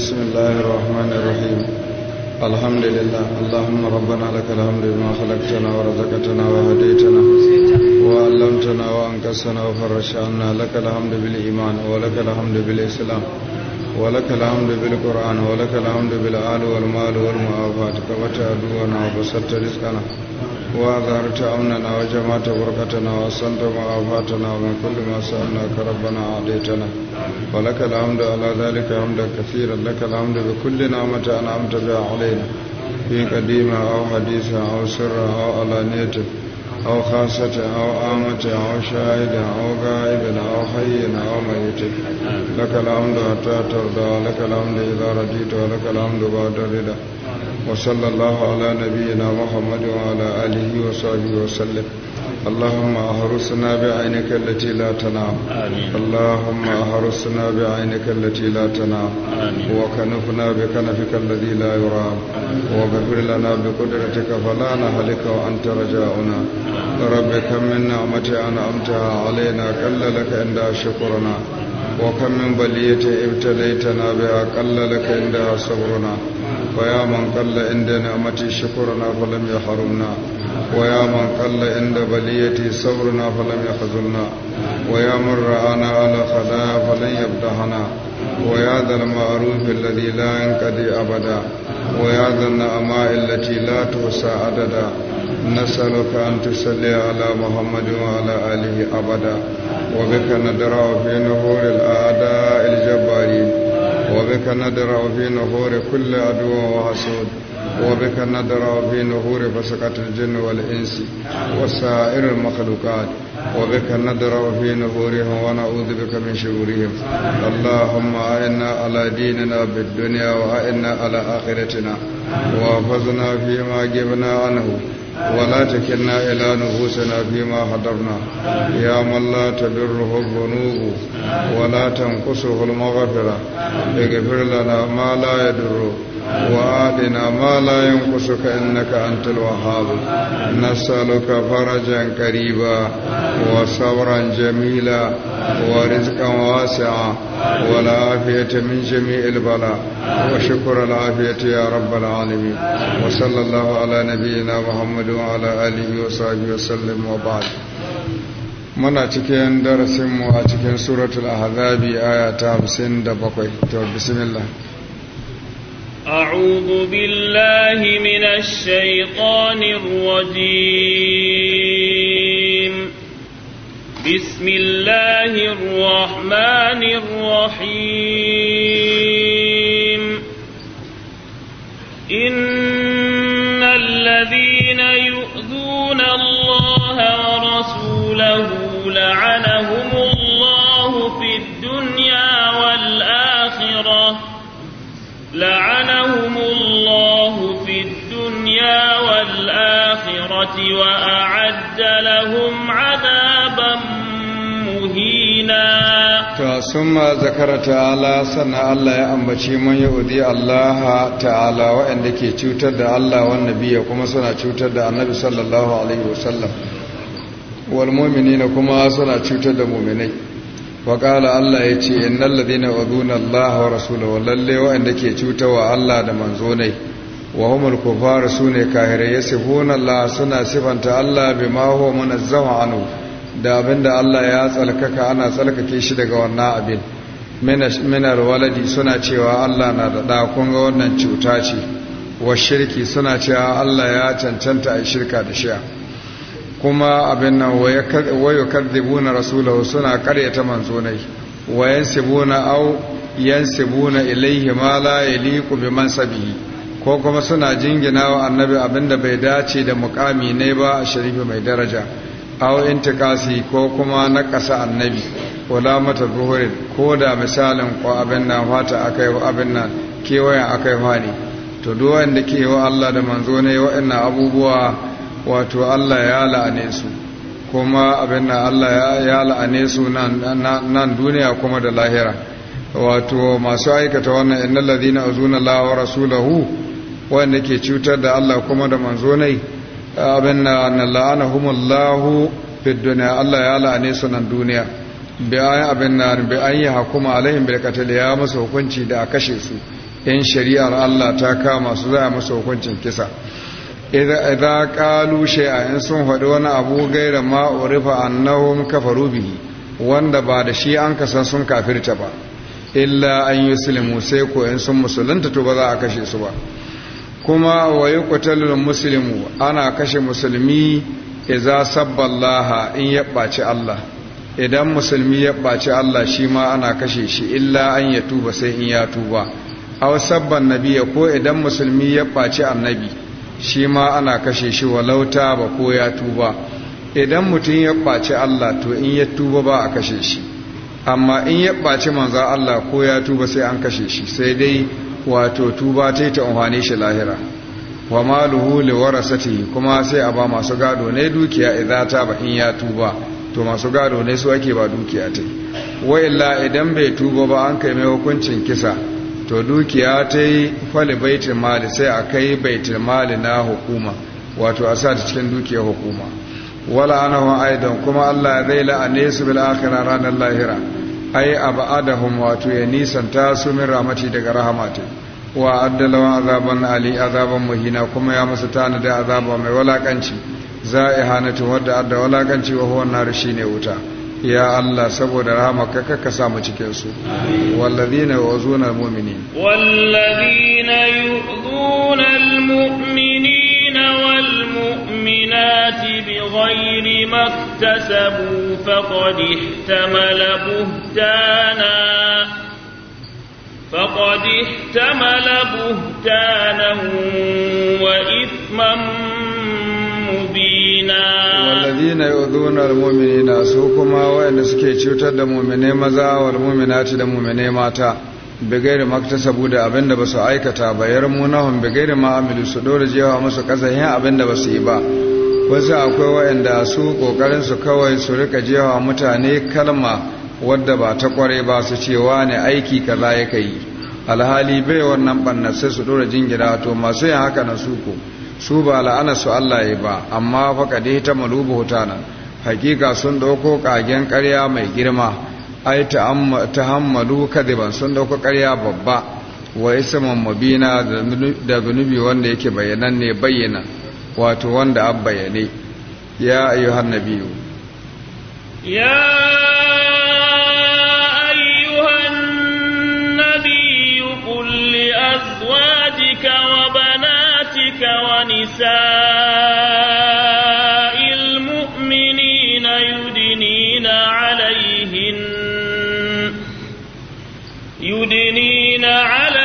بسم الله الرحمن الرحيم الحمد لله اللهم ربنا لك الحمد بما خلقتنا ورزقتنا وهديتنا وعلمتنا وانقصنا وفرجت عنا لك الحمد بالايمان ولك الحمد بالاسلام ولك الحمد بالقران ولك الحمد بالال والمال والمعافاه كما تعدونا وبسطت رزقنا وأظهرت أمننا وجمعت بركتنا وأحسنت معافاتنا ومن كل ما سألناك ربنا أعطيتنا ولك الحمد على ذلك حمدا كثيرا لك الحمد بكل نعمة أنعمت بها علينا في قديمة أو حديثة أو سرة أو علانية أو خاصة أو آمة أو شاهد أو غائب أو حي أو ميت لك الحمد حتى ترضى لك الحمد إذا رضيت ولك الحمد بعد رضا وصلى الله على نبينا محمد وعلى آله وصحبه وسلم اللهم أهرسنا بعينك التي لا تنام آمين. اللهم أهرسنا بعينك التي لا تنام وكنفنا بكنفك الذي لا يرام وغفر لنا بقدرتك فلا نهلك وأنت رجاؤنا رب كم من نعمة أنعمتها علينا كل لك عند شكرنا وكم من بلية ابتليتنا بها قل لك عندها صبرنا ويا من قل عند نعمتي شكرنا فلم يحرمنا ويا من قل عند بليتي صبرنا فلم يخذلنا ويا من رآنا على خدايا فلن يبدحنا ويا ذا المعروف الذي لا ينقضي أبدا ويا ذا النعماء التي لا تحصى عددا نسألك أن تصلي على محمد وعلى آله أبدا وبك ندرع في نهور الأعداء الجبارين وبك ندرع في نهور كل عدو وحسود وبك ندرا في نهور فسقت الجن والإنس وسائر المخلوقات وبك ندرا في نهورهم ونعوذ بك من شرورهم اللهم أئنا على ديننا بالدنيا وأئنا على آخرتنا وافزنا فيما جبنا عنه ولا تكلنا إلى نفوسنا فيما حضرنا يا من لا تدره الذنوب ولا تنقصه المغفرة اغفر لنا ما لا يدره وآتنا ما لا ينقصك إنك أنت الوهاب نسألك فرجا قريبا وصبرا جميلا ورزقا واسعا والعافية من جميع البلاء وشكر العافية يا رب العالمين وصلى الله على نبينا محمد محمد وعلى آله وصحبه وسلم وبعد muna cikin darasinmu a cikin suratul ahzabi aya ta 57 بسم الله أعوذ بالله من الشيطان الرجيم بسم الله الرحمن الرحيم إن الذين يؤذون الله ورسوله لعنهم الله في الدنيا والآخرة لعنهم الله في الدنيا والآخرة وأعد لهم عذابا مهينا علينا to summa zakara ta'ala sannan Allah ya ambaci man yahudi Allah ta'ala waɗanda ke cutar da Allah wan nabiya kuma suna cutar da annabi sallallahu alaihi wasallam wal mu'minina kuma suna cutar da mu'minai wa qala Allah yace innal ladina yu'duna Allah wa rasulahu lalle waɗanda ke cutarwa Allah da manzo ne wa humul kufar sune kahirai yasifuna Allah suna sifanta Allah bima huwa munazzah anhu da abin da Allah ya tsalkaka ana tsalkake shi daga wannan abin minar waladi suna cewa Allah na da ɗa kun wannan cuta ce wa shirki suna cewa Allah ya cancanta a shirka da shiya kuma abin nan wayo kadhibuna rasulahu suna karyata manzonai wa yansibuna au yansibuna ilaihi ma la yaliqu bi mansabihi ko kuma suna jingina wa annabi abinda bai dace da mukami ne ba a sharifi mai daraja aw intikasi ko kuma na ƙasa annabi wala mata buhurin ko da misalin ko abin nan fata aka abin nan kewayen aka yi to duk wanda ke yi wa Allah da manzo ne wa'annan abubuwa wato Allah ya la'ane su kuma abin nan Allah ya la'ane su nan duniya kuma da lahira wato masu aikata wannan innal ladina azuna Allah wa rasulahu wanda ke cutar da Allah kuma da manzo ne abin na la'anahumullahu fi duniya Allah ya la'ane su nan duniya bi ayi abin na bi an hukuma alaihim bil qatl ya musu hukunci da a kashe su in shari'ar Allah ta kama su za a musu hukuncin kisa idza qalu shay'a in sun fadi wani abu gaira ma urifa annahum kafaru bihi wanda ba da shi an kasan sun kafirta ba illa an yuslimu sai ko in sun musulunta to ba za a kashe su ba kuma wa yuqtalul muslimu ana kashe musulmi sabbin laha in ya ɓaci Allah idan musulmi ya ɓaci Allah shi ma ana kashe shi illa an ya tuba sai in ya tuba aw sabban nabiya ko idan musulmi ya baci annabi shi ma ana kashe shi walauta ba ko ya tuba idan mutum ya ɓaci Allah to in ya tuba ba a kashe shi amma in ya ɓaci manzo Allah ko ya tuba sai an kashe shi sai dai wato tuba ta yi ta umarni shi lahira wa maluhu li warasati kuma sai a ba masu gado ne dukiya idan ta ba in ya tuba to masu gado ne su ake ba dukiya ta wa illa idan bai tuba ba an kai mai hukuncin kisa to dukiya ta yi fali baitin mali sai a kai baitin mali na hukuma wato a sa ta cikin dukiyar hukuma wala wa aidan kuma Allah zai la'ane su bil ranar lahira ai abadahum wato ya nisanta su min rahmati daga rahamati wa addalawa azaban ali azaban muhina kuma ya musu tanadi azaba mai walakanci za'ihanatu wadda adda walakanci wa huwa nar shine wuta ya Allah saboda rahamaka kaka samu cikin su wallazina yu'zuna almu'minin wallazina yu'zuna al-mu'minin المؤمنين والمؤمنات بغير ما اكتسبوا فقد احتمل بهتانا فقد احتمل بهتانا وإثما مبينا والذين يؤذون المؤمنين سوكما وإن سكيتشوتا تشوتا دمومني مزا والمؤمنات دمومني ماتا bigairi maktasabu da abin da ba su aikata ba yarmunahum bigairi da ma'amilu su dora jewa musu kasahin abin da ba su yi ba wasu akwai wa'anda su kokarin su kawai su rika jewa mutane kalma wadda ba ta kware ba su cewa ne aiki za ya yi alhali bai wannan banna sai su dora jingira to masu yin haka na su ko su ba la'ana su Allah ya ba amma fa kadai ta malubu hutana hakika sun dauko kagen ƙarya mai girma ai ta tahammalu kadiban sun dauka ƙarya babba wa isman mubina da zunubi wanda yake bayanan ne bayyana wato wanda an bayyane ya ayyuhan nabiyu ya ayyuhan nabiyu kulli azwajika wa banatika wa nisaa على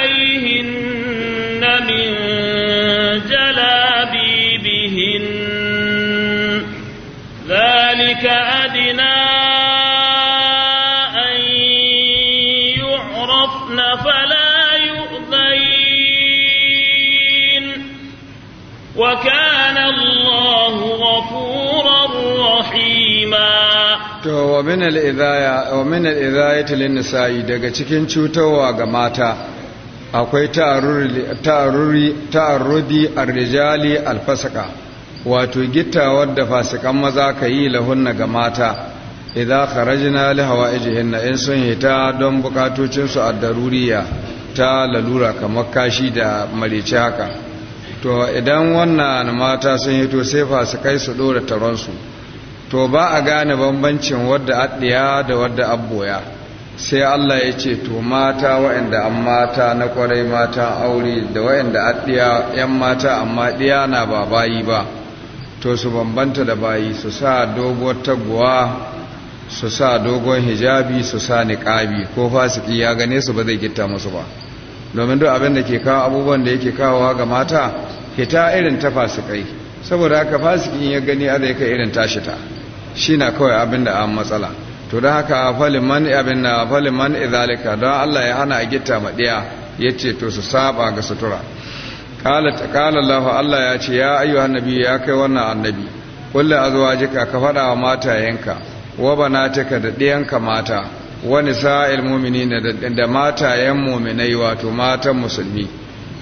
to wa min al daga cikin cutarwa ga mata akwai ta'aruri ta'arudi ar-rijali al wato gittawar da fasikan maza ka yi lahunna ga mata idza kharajna li hawaijihinna in sun hita don bukatocin su ad-daruriya ta lalura kamar kashi da marici haka to idan wannan mata sun hito sai fasikai su dora taron su to ba a gane bambancin wadda addiya da wadda abboya sai Allah ya ce to mata waɗanda an mata na kwarai mata aure da waɗanda addiya yan mata amma ɗiya na ba bayi ba to su bambanta da bayi su sa doguwar taguwa su sa dogon hijabi su sa niƙabi ko fasiki ya gane su ba zai gitta musu ba domin duk abin da ke kawo abubuwan da yake kawowa ga mata hita irin ta fasikai saboda haka fasikin ya gani a ya kai irin tashi ta shi na kawai abin da an matsala to da haka faliman abin na faliman izalika don Allah ya hana a gita maɗiya ya ce to su saba ga sutura kala Allah Allah ya ce ya ayyu Annabi ya kai wannan annabi a zuwa jika ka faɗa wa yanka wa ka da ɗiyanka mata wani sa'il mumini da matayen mu'minai wato matan musulmi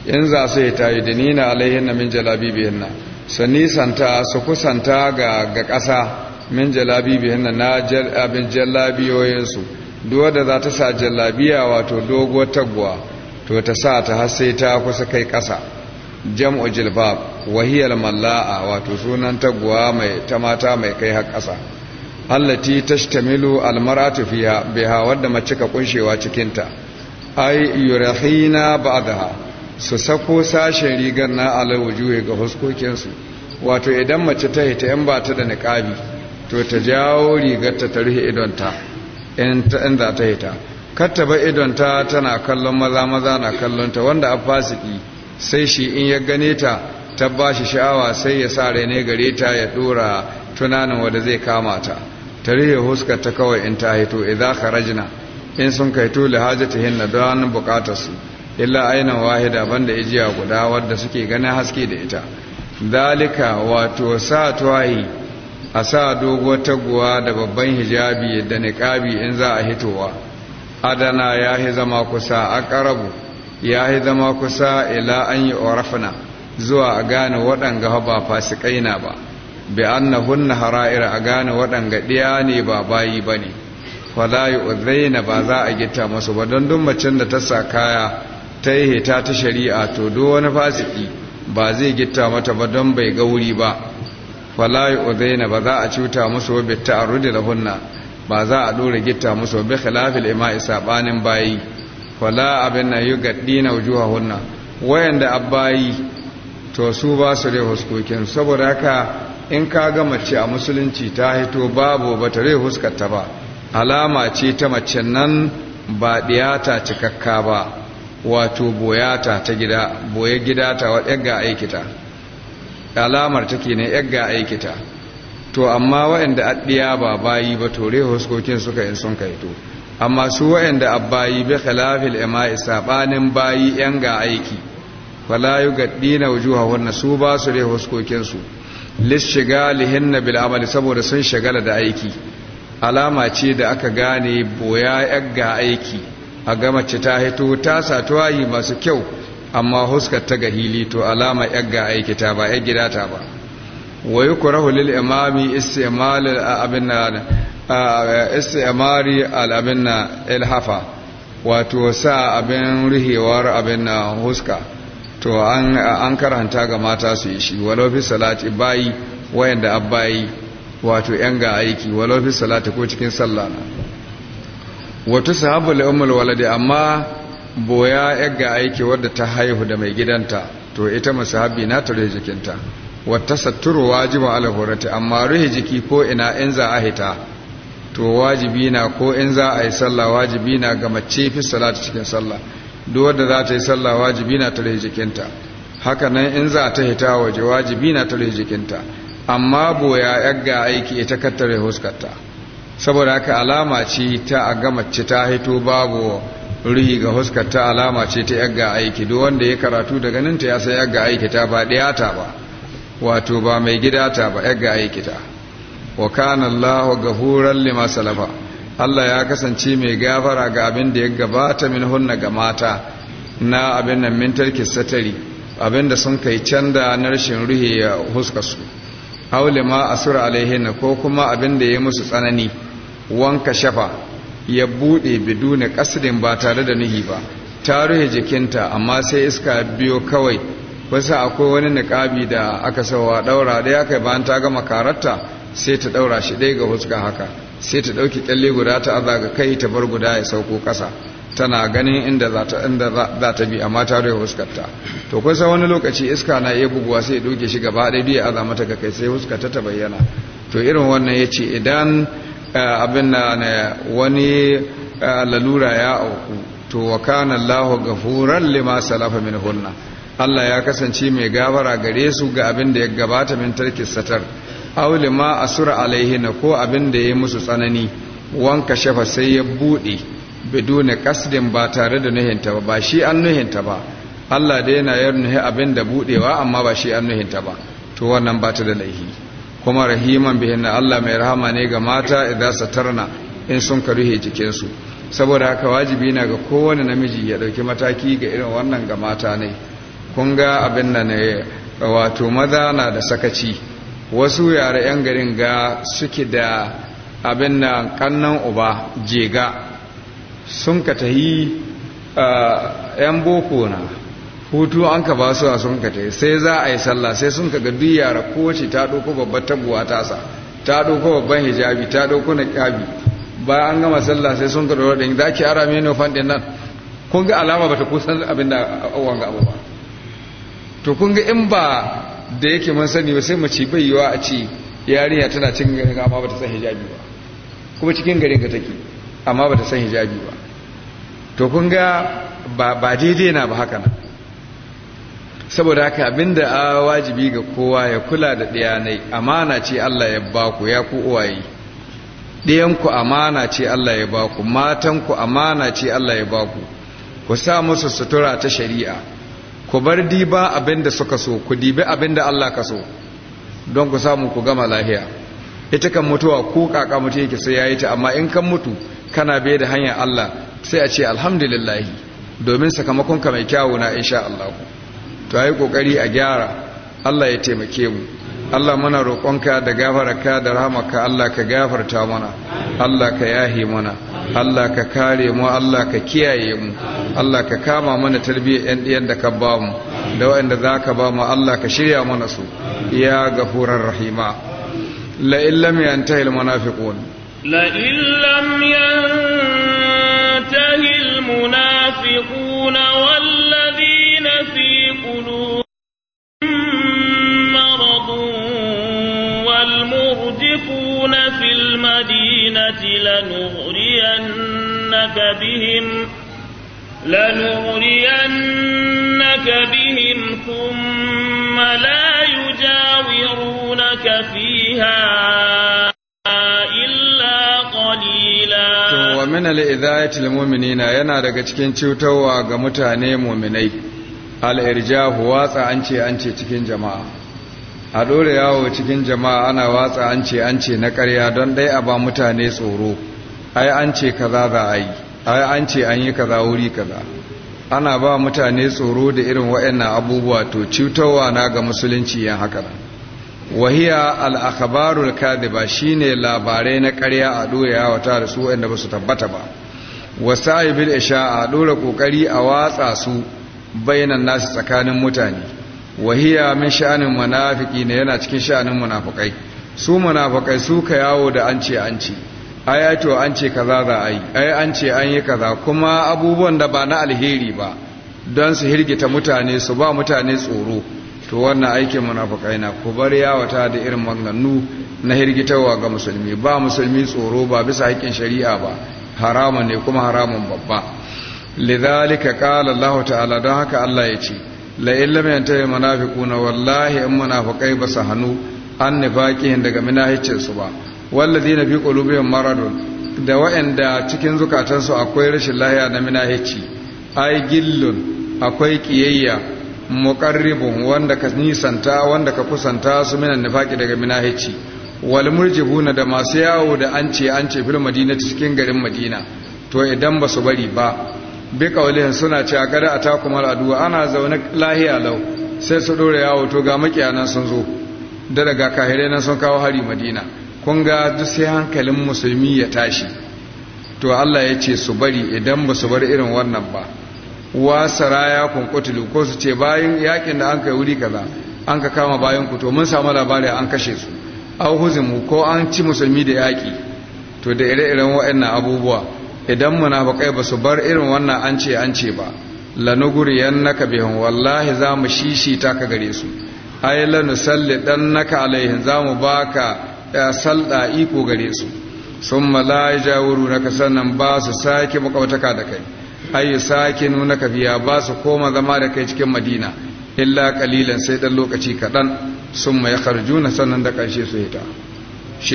in za su yi tayi da nina alaihin min nan. su nisanta su kusanta ga ƙasa min jalabi bihinna na abin jallabiyoyinsu duwa da za ta sa jallabiya wato doguwar taguwa to ta sa ta har sai ta kusa kai ƙasa jam'u jilbab wahiyar malla'a wato sunan taguwa mai ta mata mai kai har ƙasa allati tashtamilu almaratu fiha biha wadda mace ka kunshewa cikinta ai yurahina ba'daha su sako sashen rigar na alawujuhi ga su wato idan mace ta hita yan ba ta da niqabi to ta jawo rigarta ta rufe idonta in za ta hita kattaba idonta tana kallon maza maza na kallon ta wanda a fasiki sai shi in ya gane ta ta ba shi sha'awa sai ya sa raine gare ta ya dora tunanin wanda zai kama ta ta rufe huskar ta kawai in ta hito ka rajina?" in sun kai kaito hinna don bukatarsu illa aina wahida banda ijiya guda wadda suke ganin haske da ita dalika wato sa tuwayi a sa doguwar taguwa da babban hijabi da niƙabi in za a hitowa adana ya yi zama kusa a ƙarabu ya yi zama kusa ila an yi orafina zuwa a gane waɗanga ba fasikai na ba bi an na hara'ira a gane waɗanga ɗiya ne ba bayi ba ne wala yi uzaina ba za a gita masu ba don duk macen da ta sa kaya ta yi hita ta shari'a to do wani fasiki ba zai gita mata ba don bai ga wuri ba fala yu'zaina ba za a cuta musu bi ta'arrudi lahunna ba za a dora gitta musu bi khilafil ima'i sabanin bayi fala abin na yugaddina wujuhahunna wayanda abbayi to su ba su rai huskokin saboda ka in ka ga mace a musulunci ta hito babu ba ta rai huskarta ba alama ce ta mace nan ba ɗiyata cikakka ba wato boyata ta gida boye gida ta waɗanda aikita alamar take ne yagga aikita to amma waɗanda addiya ba bayi ba tore huskokin suka in sun kaito amma su waɗanda abbayi bi khilafil ima'i sabanin bayi yan ga aiki na yugaddina wujuhahunna su ba su re huskokin su lishigalihinna bil amali saboda sun shagala da aiki alama ce da aka gane boya yagga aiki a ga mace ta hito ta satuwayi masu kyau amma huskar ta ga hili to alama yagga aiki ta ba yar gida ta ba wa yukrahu lil imami istimal abin istimari al abin ilhafa wato sa abin rihewar abin huska to an karanta ga mata su yi shi walau fi salati bayi wayanda abayi wato yan ga aiki walau fi salati ko cikin sallah na wato sahabu li ummul waladi amma boya yagga aiki wadda ta haihu da mai gidanta to ita musahabi na tare jikinta wata satturu wajibin alhurati amma ruhi jiki ko ina in za a hita to wajibi na ko in za a yi sallah wajibi na ga mace fi salatu cikin sallah duk wadda za ta yi sallah wajibi na tare jikinta haka nan in za ta hita waje wajibi na tare jikinta amma boya yagga aiki ita kattare huskarta saboda haka alama ce ta a ga mace ta hito babu ruhi ga huskar ta alama ce ta yagga aiki duk wanda ya karatu daga nan ta ya san yagga aiki ta ba daya ta ba wato ba mai gida ta ba yagga aiki ta wa kana Allahu ghafuran lima salafa Allah ya kasance mai gafara ga abin da ya gabata min hunna ga mata na abin nan min tarki satari abin da sun kai canda na rashin ruhi ya huska su aulima ma asura alaihin ko kuma abin da ya musu tsanani wanka shafa ya bude biduna ƙasirin ba tare da nihi ba ta rufe jikinta amma sai iska biyo kawai wasu akwai wani niƙabi da aka sawa ɗaura ɗaya kai bayan ta gama karatta sai ta ɗaura shi ɗaya ga huska haka sai ta ɗauki ƙyalle guda ta aza ga kai ta bar guda ya sauko ƙasa tana ganin inda za ta bi amma ta rufe ta to kusa wani lokaci iska na iya buguwa sai ya ɗauke shi gaba ɗaya ya aza mata ga kai sai huskarta ta bayyana to irin wannan ya ce idan Eh, abin na wani eh, lalura ya auku to wa kana Allahu gafuran lima salafa min hunna Allah ya kasance mai gabara gare su ga abin da ya gabata min tarki satar awli ma asura na ko abin da ya musu tsanani wanka shafa sai ya bude biduna kasdin ba tare da nuhinta ba ba shi an nuhinta ba Allah da yana yarnuhi abin da budewa amma ba shi an nuhinta ba to wannan ba ta da laifi. kuma rahiman bihinna Allah mai rahama ne ga mata idan tarna in sun ka ruhe jikinsu saboda haka wajibi na ga kowane namiji ya ɗauki mataki ga irin wannan ga mata ne kun ga abin nan ne wato maza na da sakaci wasu yare 'yan garin ga suke da abin nan kannan uba jega sun ka tahi 'yan boko na hutu an ka ba su a sun ka tai sai za a yi sallah sai sun ka ga yara kowace ta ɗauko babbar tabuwa tasa ta ɗauko babban hijabi ta ɗauko na ƙyabi bayan an gama sallah sai sun ka ɗora ɗin za ki ara mini fan ɗin nan kun ga alama ba ta kusan abin da wanga abu ba to kun ga in ba da yake mun sani ba sai mace bai yiwa a ce yarinya tana cin garin amma ba ta san hijabi ba kuma cikin garin ka take amma ba ta san hijabi ba to kun ga ba daidai na ba haka nan saboda haka abinda a wajibi ga kowa ya kula da ɗiyanai amana ce Allah ya baku ya ku uwaye ɗiyanku amana ce Allah ya baku matanku amana ce Allah ya baku ku sa musu sutura ta shari'a ku bar diba abinda suka so ku dibi abinda Allah ka so don ku samu ku gama lahiya ita kan mutuwa ko kaka mutu yake sai yayi ta amma in kan mutu kana bai da hanya Allah sai a ce alhamdulillah domin sakamakon ka mai kyawu na insha Allah to ayi kokari a gyara Allah ya taimake mu Allah muna roƙonka da gafararka da rahamarka Allah ka gafarta mana Allah ka yahi mana Allah ka kare mu Allah ka kiyaye mu Allah ka kama mana tarbiyyar yan ɗiyan da ka ba mu da waɗanda za ka ba mu Allah ka shirya mana su ya gafurar rahima la illam yantahi munafiqun la illam yantahi المدينة لنغرينك بهم لنغرينك بهم ثم لا يجاورونك فيها mana li'idhayati yana daga cikin cutarwa ga mutane muminai al-irja watsa an ce an cikin jama'a a ɗora yawo cikin jama'a ana watsa an ce an ce na karya don dai a ba mutane tsoro ai an ce kaza za a yi ai an ce an yi kaza wuri kaza ana ba mutane tsoro da irin waɗannan abubuwa to cutarwa na ga musulunci yan haka nan wahiya al'akabarul kadiba ne labarai na karya a ɗora yawo ta da su ba su tabbata ba isha a ɗora ƙoƙari a watsa su bayanan nasu tsakanin mutane wahiya min sha'anin munafiki ne yana cikin sha'anin munafikai su munafikai su ka yawo da an ce an ce ai to an ce kaza za a yi ai an ce an yi kaza kuma abubuwan da ba na alheri ba don su hirgita mutane su ba mutane tsoro to wannan aikin munafikai na ku bar yawata da irin maganganu na hirgitawa ga musulmi ba musulmi tsoro ba bisa haƙƙin shari'a ba haramun ne kuma haramun babba lidhalika qala Allah ta'ala don haka Allah ya ce La'in illam yantahi munafiquna wallahi in munafiqai basu hanu an nifaqihin daga minahicin su ba walladina fi qulubihim maradun da wa'anda cikin zukatansu akwai rashin lahiya na minahici ai gillun akwai kiyayya muqarribun wanda ka nisanta wanda ka kusanta su minan nifaqi daga minahici wal murjibuna da masu yawo da an ce an ce fil madinati cikin garin madina to idan basu bari ba bi kaulin suna cewa gada a takumar aduwa ana zaune lahiya lau sai su dore yawo to ga makiyanan sun zo da daga kahirai nan sun kawo hari madina kun ga duk sai hankalin musulmi ya tashi to Allah ya ce su bari idan ba su bar irin wannan ba wa saraya kun kutulu ko su ce bayan yakin da an kai wuri kaza an ka kama bayan ku to mun samu labari an kashe su au huzimu ko an ci musulmi da yaki to da ire-iren waɗannan abubuwa idan muna bakai ba su bar irin wannan an ce an ce ba naka bihin wallahi za mu ta ka gare su Ai dan naka alaihin za mu baka salda iko gare su Sun summa jawuru naka sannan ba su sake makautaka da kai nuna ka biya ba su koma zama da kai cikin madina illa kalilan sai dan lokaci kadan mai yakharjuna sannan da karshe su hita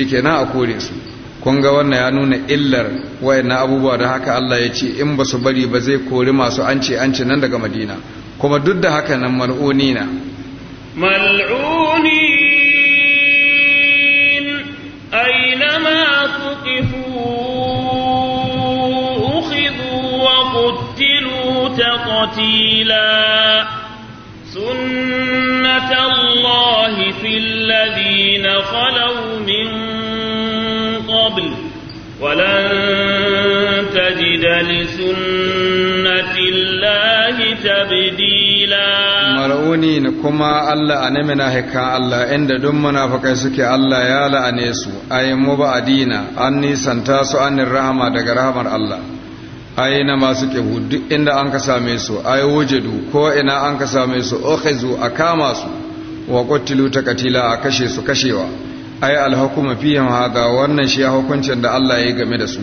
kenan a kore su kun ga wannan ya nuna illar wayannan abubuwa da haka Allah ya ce in ba su bari ba zai kori masu anci anci nan daga madina kuma duk da haka nan mal'uni na mal'uni mal'unin ainama tuqifu ukhidhu wa qutilu taqtila sunnatallahi fil ladina khalaw min ولن تجد لسنة الله تبديلا mar'uni ne kuma Allah a namina haikan Allah inda duk munafakai suke Allah ya la'ane su ai mu ba adina an nisanta su anin rahama daga rahamar Allah ai na masu kehu duk inda an ka same su ai wujadu ko ina an ka same su ukhizu a kama su wa ta katila a kashe su kashewa ai alhukuma fihim haga wannan shi hukuncin da Allah ya yi game da su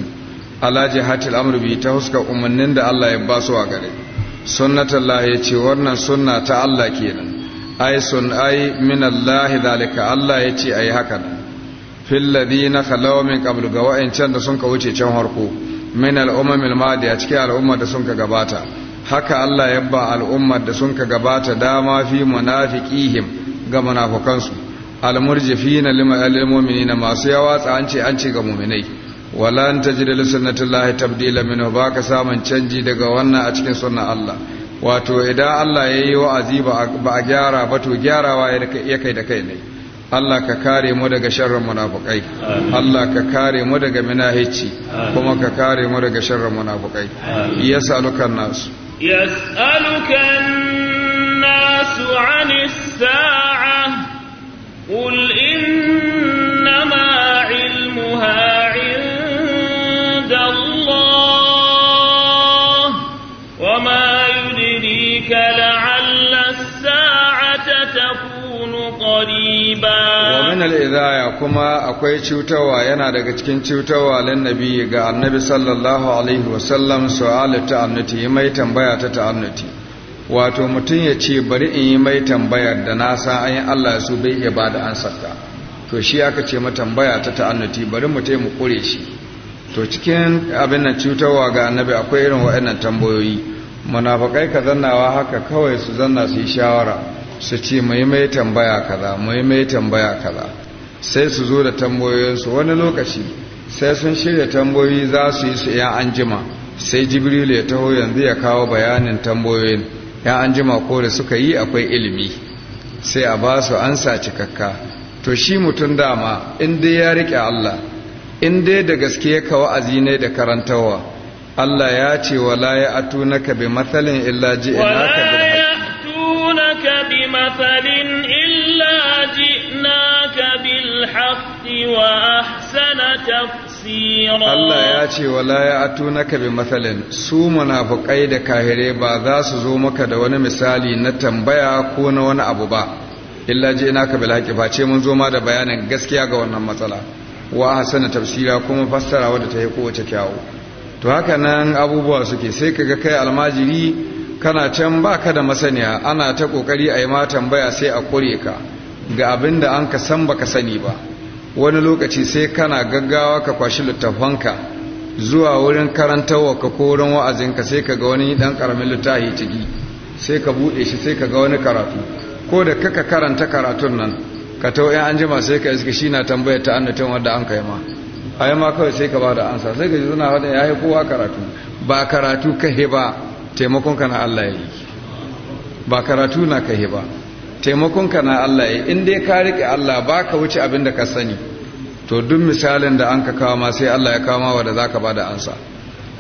ala jihatil amru bi ta huska umarnin da Allah ya ba su a gare sunnatullah ya ce wannan sunna ta Allah kenan ai sun ai min Allah zalika Allah ya ce ai hakan fil ladina khalaw min qabl ga wa'ancan da sun ka wuce can harko min al'umam al-madiya cikin al'ummar da sun ka gabata haka Allah ya ba al'ummar da sun ka gabata dama fi munafiqihim ga munafukansu almurjifina lil mu'minina masu yawa tsa an ce an ce ga mu'minai wala an tajida li sunnatillahi tabdila minhu ba ka samun canji daga wannan a cikin sunnar Allah wato idan Allah yayi wa'azi ba a gyara ba to gyarawa ya kai da kai ne Allah ka kare mu daga sharrin munafukai Allah ka kare mu daga minahici kuma ka kare mu daga sharrin munafukai yas'alukan nas yas'alukan nas 'anis sa'ah قل إنما علمها عند الله وما يدريك لعل الساعة تكون قريبا ومن الإذاية كما أقوي تشوتوا ينا دك تكين تشوتوا للنبي قال النبي صلى الله عليه وسلم سؤال التعنتي ما يتنبيا تتعنتي wato mutum ya ce bari in yi mai tambayar da nasa sa an yi Allah su bai iya ba da ansarta to shi aka ce ma tambaya ta ta'annuti bari mu taimu kure shi to cikin abin nan cutarwa ga annabi akwai irin waɗannan tambayoyi munafakai ka zannawa haka kawai su zanna su yi shawara su ce mu yi mai tambaya kaza mu yi mai tambaya kaza sai su zo da tambayoyinsu wani lokaci sai sun shirya tambayoyi za su yi su iya an jima sai jibrilu ya taho yanzu ya kawo bayanin tambayoyin ya an jima ko da suka yi akwai ilimi sai a ba su ansa cikakka to shi mutum dama inda ya riƙe Allah in da gaske ya kawo azinai da karantawa Allah ya ce la ya atu ka bi matsalin illa ji ina ka bi mathalin illa wa ahsana Allah ya ce wala ya ato naka bi mathalin su munafukai da kahire ba za su zo maka da wani misali na tambaya ko na wani abu ba illa je ina bil haqi ba ce mun zo ma da bayanin gaskiya ga wannan matsala wa hasana tafsira kuma fassara wadda ta yi kowace kyawu to haka nan abubuwa suke sai kaga kai almajiri kana can baka da masaniya ana ta kokari a yi ma tambaya sai a kure ka ga abin da an ka san baka sani ba wani lokaci sai kana gaggawa ka kwashi littafanka zuwa wurin ka ko wurin wa'azinka sai ka ga wani dan karamin littafi ciki sai ka buɗe shi sai ka ga wani karatu ko da kaka karanta karatun nan ka tau yan anjima sai ka iska shi na tambayar ta annatin wanda an kai ma a yi ma kawai sai ka ba da ansa sai ka ji suna faɗin ya yi kowa karatu ba karatu ka ba taimakon ka na Allah ya yi ba karatu na ka ba taimakonka na Allah ya in dai ka riƙe Allah ba ka wuce abin da ka sani to duk misalin da an ka kawo ma sai Allah ya kawo mawa da za ka ba da ansa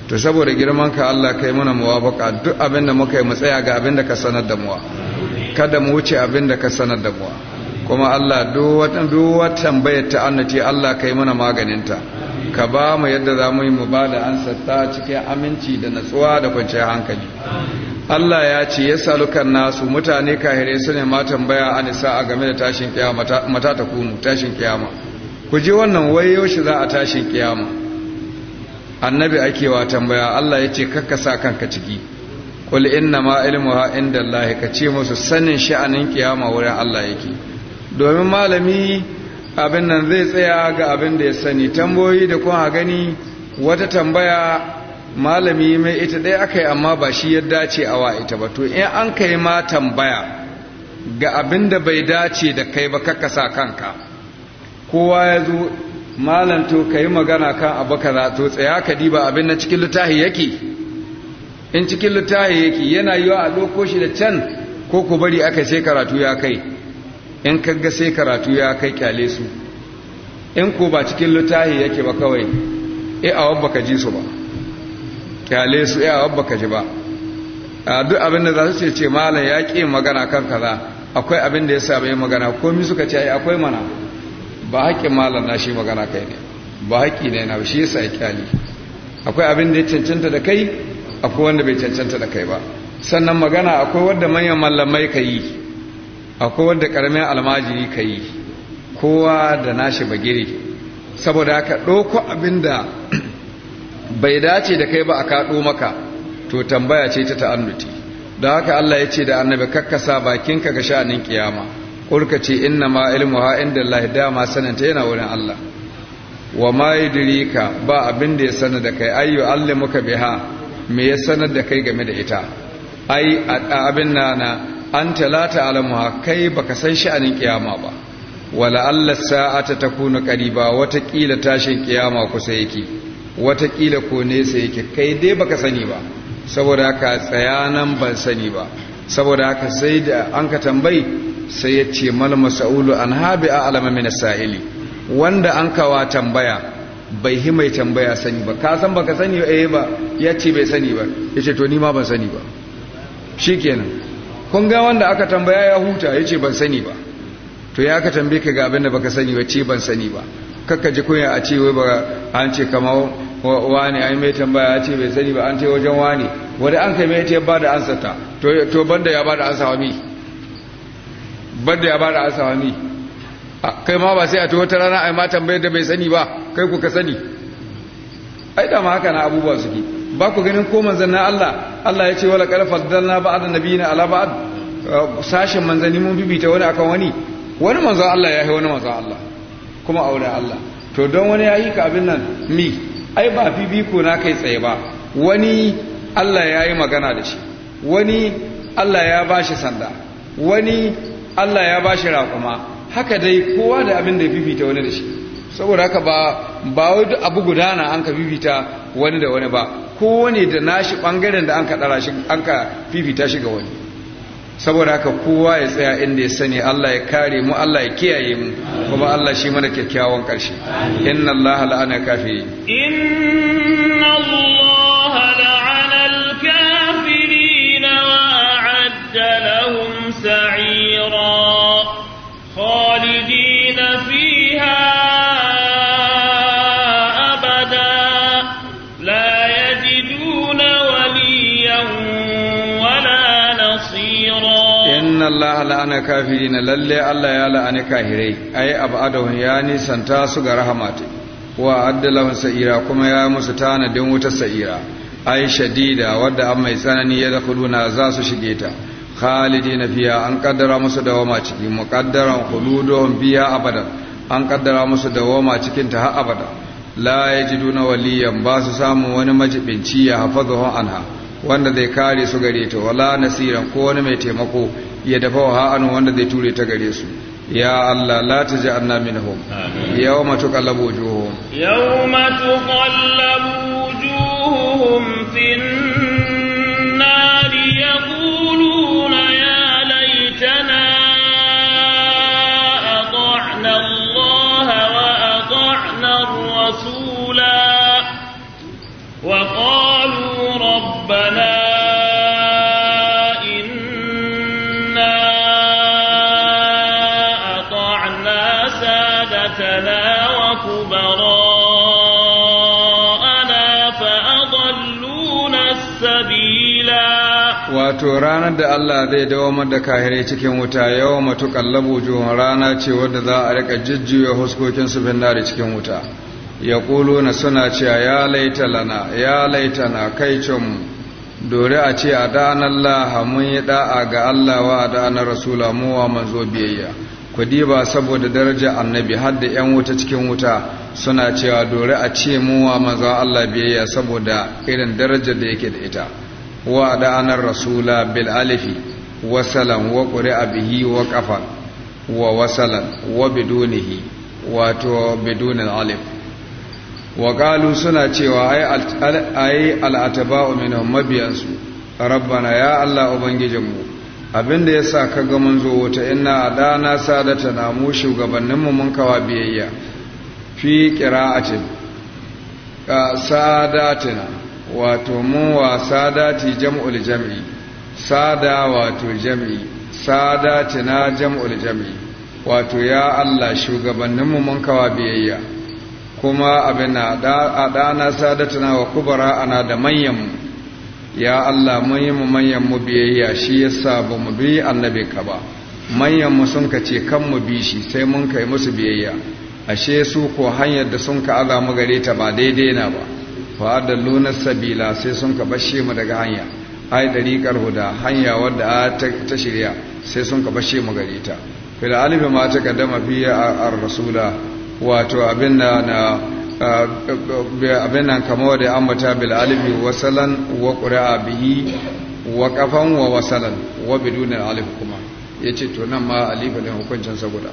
to saboda girman ka Allah muna muwafaka duk abin da muka yi mu ga abin da ka sanar da muwa kada mu wuce abin da ka sanar da muwa kuma Allah duk wata bayar wata Allah ta yi Allah kai muna maganinta ka ba mu yadda za mu yi mu ba da ansa ta cikin aminci da natsuwa da kwanciyar hankali Allah ya ce ya salukan nasu mutane kahire su ne ma tambaya a nisa a game da tashin kiyama mata ta kunu tashin kiyama ku ji wannan wai yaushe za a tashin kiyama annabi wa tambaya Allah ya ce kakka sa kanka ciki qul inna ma ilmuha inda Allah ka ce musu sanin sha'anin kiyama wurin Allah yake domin malami abin nan zai tsaya ga abin da ya sani tamboyi da kuma gani wata tambaya malami mai ita ɗaya aka yi amma ba shi ya dace a wa ita ba to in an kai ma tambaya ga abin da bai dace da kai ba kakka sa kanka kowa ya zo malam to ka yi magana kan abu kaza to tsaya ka diba abin na cikin littafi yake in cikin littafi yake yana yiwa a doko shi da can ko ku bari aka sai karatu ya kai in kaga sai karatu ya kai kyale su in ko ba cikin littafi yake ba kawai e a wabba ka ji su ba kyale su ya abba ka ji ba a duk abin da za su ce ce malam ya ƙi magana kan kaza akwai abin da ya sa bai magana komi suka ce ai akwai mana ba haƙƙin malam na shi magana kai ne ba haƙƙi ne na shi yasa ya kyale akwai abin da ya cancanta da kai akwai wanda bai cancanta da kai ba sannan magana akwai wanda manyan mallamai ka yi akwai wanda karamin almajiri ka yi kowa da nashi bagire saboda haka ɗauko abin da bai dace da kai ba a kaɗo maka to tambaya ce ta ta'annuti don haka Allah ya ce da annabi kakkasa bakinka ga sha'anin kiyama kurka ce inna ma ilmu ha inda Allah dama sananta yana wurin Allah wa ma ka ba abin da ya sanar da kai ayyu allimuka biha me ya sanar da kai game da ita ai abin na na an talata ha kai baka san sha'anin kiyama ba wala Allah sa'ata takunu qariba wata kila tashin kiyama kusa yake watakila ko nesa yake kai dai baka sani ba saboda haka tsaya nan ban sani ba saboda haka sai da an ka tambayi sai ya ce mal mas'ulu an habi a alama min sa'ili wanda an kawa tambaya bai hi mai tambaya sani ba ka san baka sani eh ba ya ce bai sani ba ya ce to ni ma ban sani ba shikenan kun ga wanda aka tambaya ya huta ya ce ban sani ba to ya ka tambaye ka ga abin da baka sani ba ce ban sani ba kakka ji kunya a ce wai ba an ce kamar wani ai mai tambaya ya ce bai sani ba an ce wajen wani wani an kai mai ce ba da ansa ta to banda ya ba da ansa ban banda ya ba da ansa wami kai ma ba sai a to wata rana ai ma tambayar da bai sani ba kai ku ka sani ai da ma haka na abubuwa suke ba ku ganin ko manzan na Allah Allah ya ce wala qad faddalna nabi na ala ba'd sashen manzanni mun bibita wani akan wani wani manzan Allah ya yi wani manzan Allah kuma aure Allah to don wani ya yi ka abin nan mi ai ba ko na kai tsaye ba wani Allah ya yi magana da shi wani Allah ya ba shi sanda wani Allah ya ba shi raƙuma haka dai kowa da abin da fifita wani da shi saboda haka ba ba wani abu gudana an ka fifita wani da wani ba kowane da nashi bangaren da an ka an fifita shi ga wani saboda haka kowa ya tsaya inda ya sani Allah ya kare mu Allah ya kiyaye mu kuma Allah shi mana kyakkyawan karshe inna Allah la'ana kafiri inna Allah la'ana al-kafirin wa a'adda lahum sa'ira Allah la'ana kafirina lalle Allah ya la'ani kahirai ai abadahu ya nisanta su ga rahmat wa addalahu sa'ira kuma ya musu tanadin wuta sa'ira ai shadida wadda an mai tsanani ya dakhuluna za su shige ta khalidina fiya an kaddara musu dawama cikin muqaddaran khuluduhum biya abada an kaddara musu dawama cikin ta har abada la yajiduna waliyan ba su samu wani majibinci ya hafazuhu anha wanda zai kare su gare ta wala nasiran ko wani mai taimako ya dafa wa anu wanda zai ture ta gare su ya Allah la taj'alna minhum yawma tuqallabu wujuhum yawma tuqallabu wujuhum fin nar yaquluna ya laitana ata'na Allah wa ata'na ar-rasula wa qalu rabbana wato ranar da Allah zai dawamar da kahirai cikin wuta yawan matuƙar labujuwan rana ce wadda za a rika su huskokinsu da cikin wuta ya na suna cewa ya laita lana ya laita na kai cinmu dore a ce a da'anar laha mun yi da'a ga Allah wa a da'anar rasula muwa manzo biyayya ku ba saboda daraja annabi har da 'yan wuta cikin wuta suna cewa dore a ce muwa manzo Allah biyayya saboda irin darajar da yake da ita wa anar rasula bil alifi wasalan wa quri'a bihi wa qafa wa wasalan wa bidunihi wato bidun alif wa qalu suna cewa ai ai min minhum mabiyansu rabbana ya allah ubangijinmu abinda ya sa ka ga mun zo wuta ina a na sadata na mu shugabanninmu mun kawa biyayya fi ƙira'atin sadatina wato mu wa sadati jam'ul jam'i sada wato jam'i na jam'ul jam'i wato ya Allah shugabanninmu mun kawa biyayya kuma abin a ɗana na wa kubara ana da manyanmu ya Allah mun yi mu manyanmu biyayya shi yasa ba mu bi annabi ka ba manyanmu sun ka ce kan mu bi shi sai mun kai musu biyayya ashe su ko hanyar da sun ka aza mu gare ta ba daidai na ba fa'adallu na sabila sai sun ka bashe mu daga hanya ai dariƙar huda hanya wadda ta shirya sai sun ka bashe mu gare ta fil alifi ma ta kaddama fi ar rasula wato abin na na wadda nan kamar ambata bil alifi wasalan wa qura'a bihi wa qafan wa wasalan wa biduna alif kuma yace to nan ma alifa da hukuncin saboda guda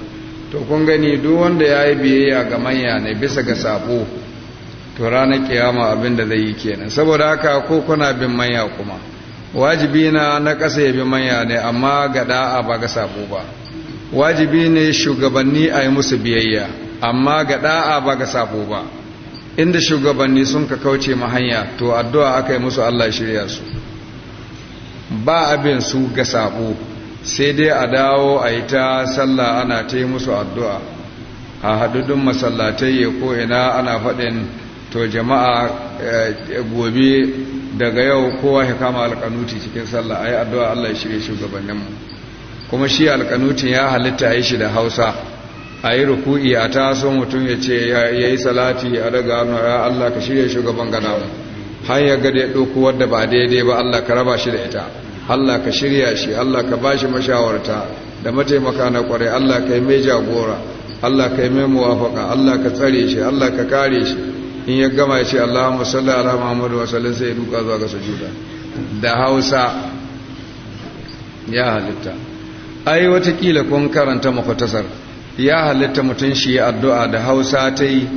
to kun gani duk wanda yayi biyayya ga manya ne bisa ga sabo to ranar kiyama abin da zai yi kenan saboda haka ko kuna bin manya kuma wajibi na na ƙasa ya bi manya ne amma ga da'a ba ga sabo ba wajibi ne shugabanni a yi musu biyayya amma ga da'a ba ga sabo ba inda shugabanni sun ka kauce ma hanya to addu'a aka yi musu Allah shirya su ba abin su ga sabo sai dai a dawo a yi ta sallah ana ta yi musu addu'a a haɗuɗɗun masallatai ko ina ana faɗin to jama'a eh, gobe daga yau kowa ya kama alkanuti cikin sallah ayi addu'a Allah ya shirye shugabanninmu kuma shi alkanutin ya halitta yi shi da Hausa ayi ruku'i a taso mutum ya ce yayi salati a daga hannu ya Allah ka shirye shugaban gana mu har ya ga da ɗauko wadda ba daidai ba Allah ka raba shi da ita Allah ka shirya shi Allah ka bashi mashawarta da mataimaka na kwarai Allah ka yi mai jagora Allah ka yi mai muwafaka Allah ka tsare shi Allah ka kare shi in ya gama ya ce Allahumma salli ala Muhammad wa sallim sai ya duka zuwa ga sujuda da Hausa ya halitta ai watakila kun karanta mukhtasar ya halitta mutum shi addu'a da Hausa ta yi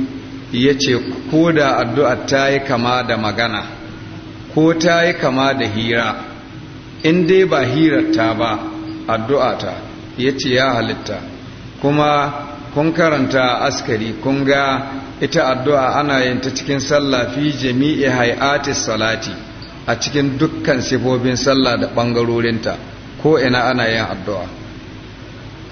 yace ko da addu'a ta yi kama da magana ko ta yi kama da hira in dai ba hirarta ba addu'a ta yace ya halitta kuma kun karanta askari kun ga ita addu'a ana yin ta cikin sallah fi jami'i hay'atis salati a cikin dukkan sifobin sallah da bangarorinta ko ina ana yin addu'a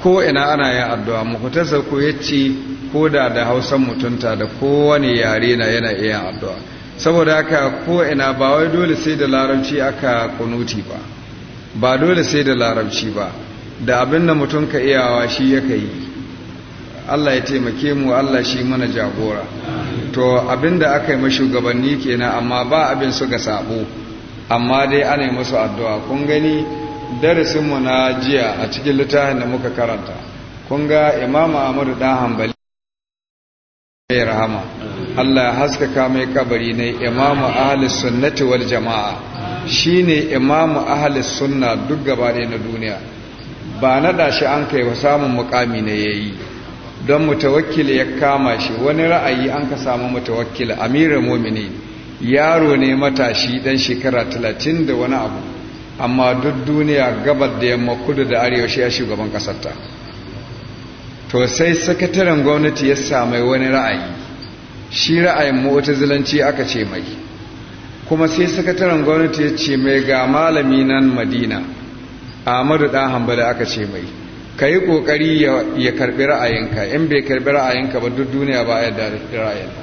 ko ina ana yin addu'a mukhtasar ko ce ko da da Hausan mutunta da kowane yare na yana iya addu'a saboda haka ko ina ba wai dole sai da larabci aka kunuti ba ba dole sai da larabci ba da abin da mutum iyawa shi yaka yi Allah ya taimake mu Allah shi mana jagora to abinda aka yi mashugabanni kenan amma ba abin su ga sabo amma dai ana yi musu addu'a kun gani darasin mu na jiya a cikin littafin da muka karanta kun ga imam Ahmadu dan Hanbali ya rahama Allah ya haskaka mai kabari ne imam ahlus sunnati wal jama'a shine Imam ahlus sunna duk gaba na duniya ba na shi an kai wa samun mukami ne yayi don mutawakkil ya kama shi wani ra'ayi an ka samu mutawakkil amirin mumini yaro ne matashi dan shekara talatin da wani abu amma duk duniya gabar da yamma kudu da arewa shi ya shugaban kasarta to sai sakataren gwamnati ya samai wani ra'ayi shi ra'ayin mu'tazilanci aka ce mai kuma sai sakataren gwamnati ya ce mai ga malami nan madina ahmadu dan hambali aka ce mai ka yi ƙoƙari ya karɓi ra'ayinka in bai karɓi ra'ayinka ba duk duniya ba ya da ra'ayinka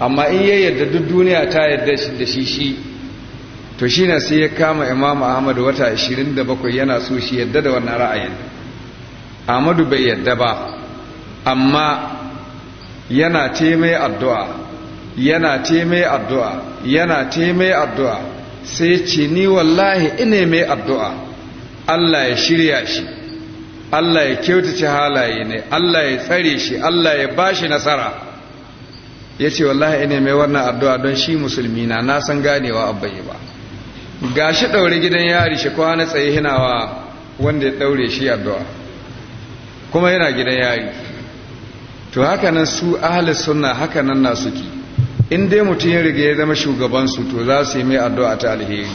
amma in ya yadda duk duniya ta yadda da shi shi to shi na sai ya kama imamu ahmad wata 27 yana so shi yadda da wannan ra'ayin ahmadu bai yadda ba amma yana taimai addu'a yana taimai addu'a yana taimai addu'a sai ce ni wallahi ina mai addu'a Allah ya shirya shi Allah ya kyautace halaye ne Allah ya tsare shi Allah ya bashi nasara ya ce wallahi ina mai wannan addu'a don shi musulmi na na san ganewa abbayi ba ga shi ɗaure gidan yari shi na tsaye hinawa wanda ya ɗaure shi addu'a kuma yana gidan yari to hakanan su ahalis sunna hakanan na suke in dai mutum ya riga ya zama shugabansu to za su yi mai addu'a ta alheri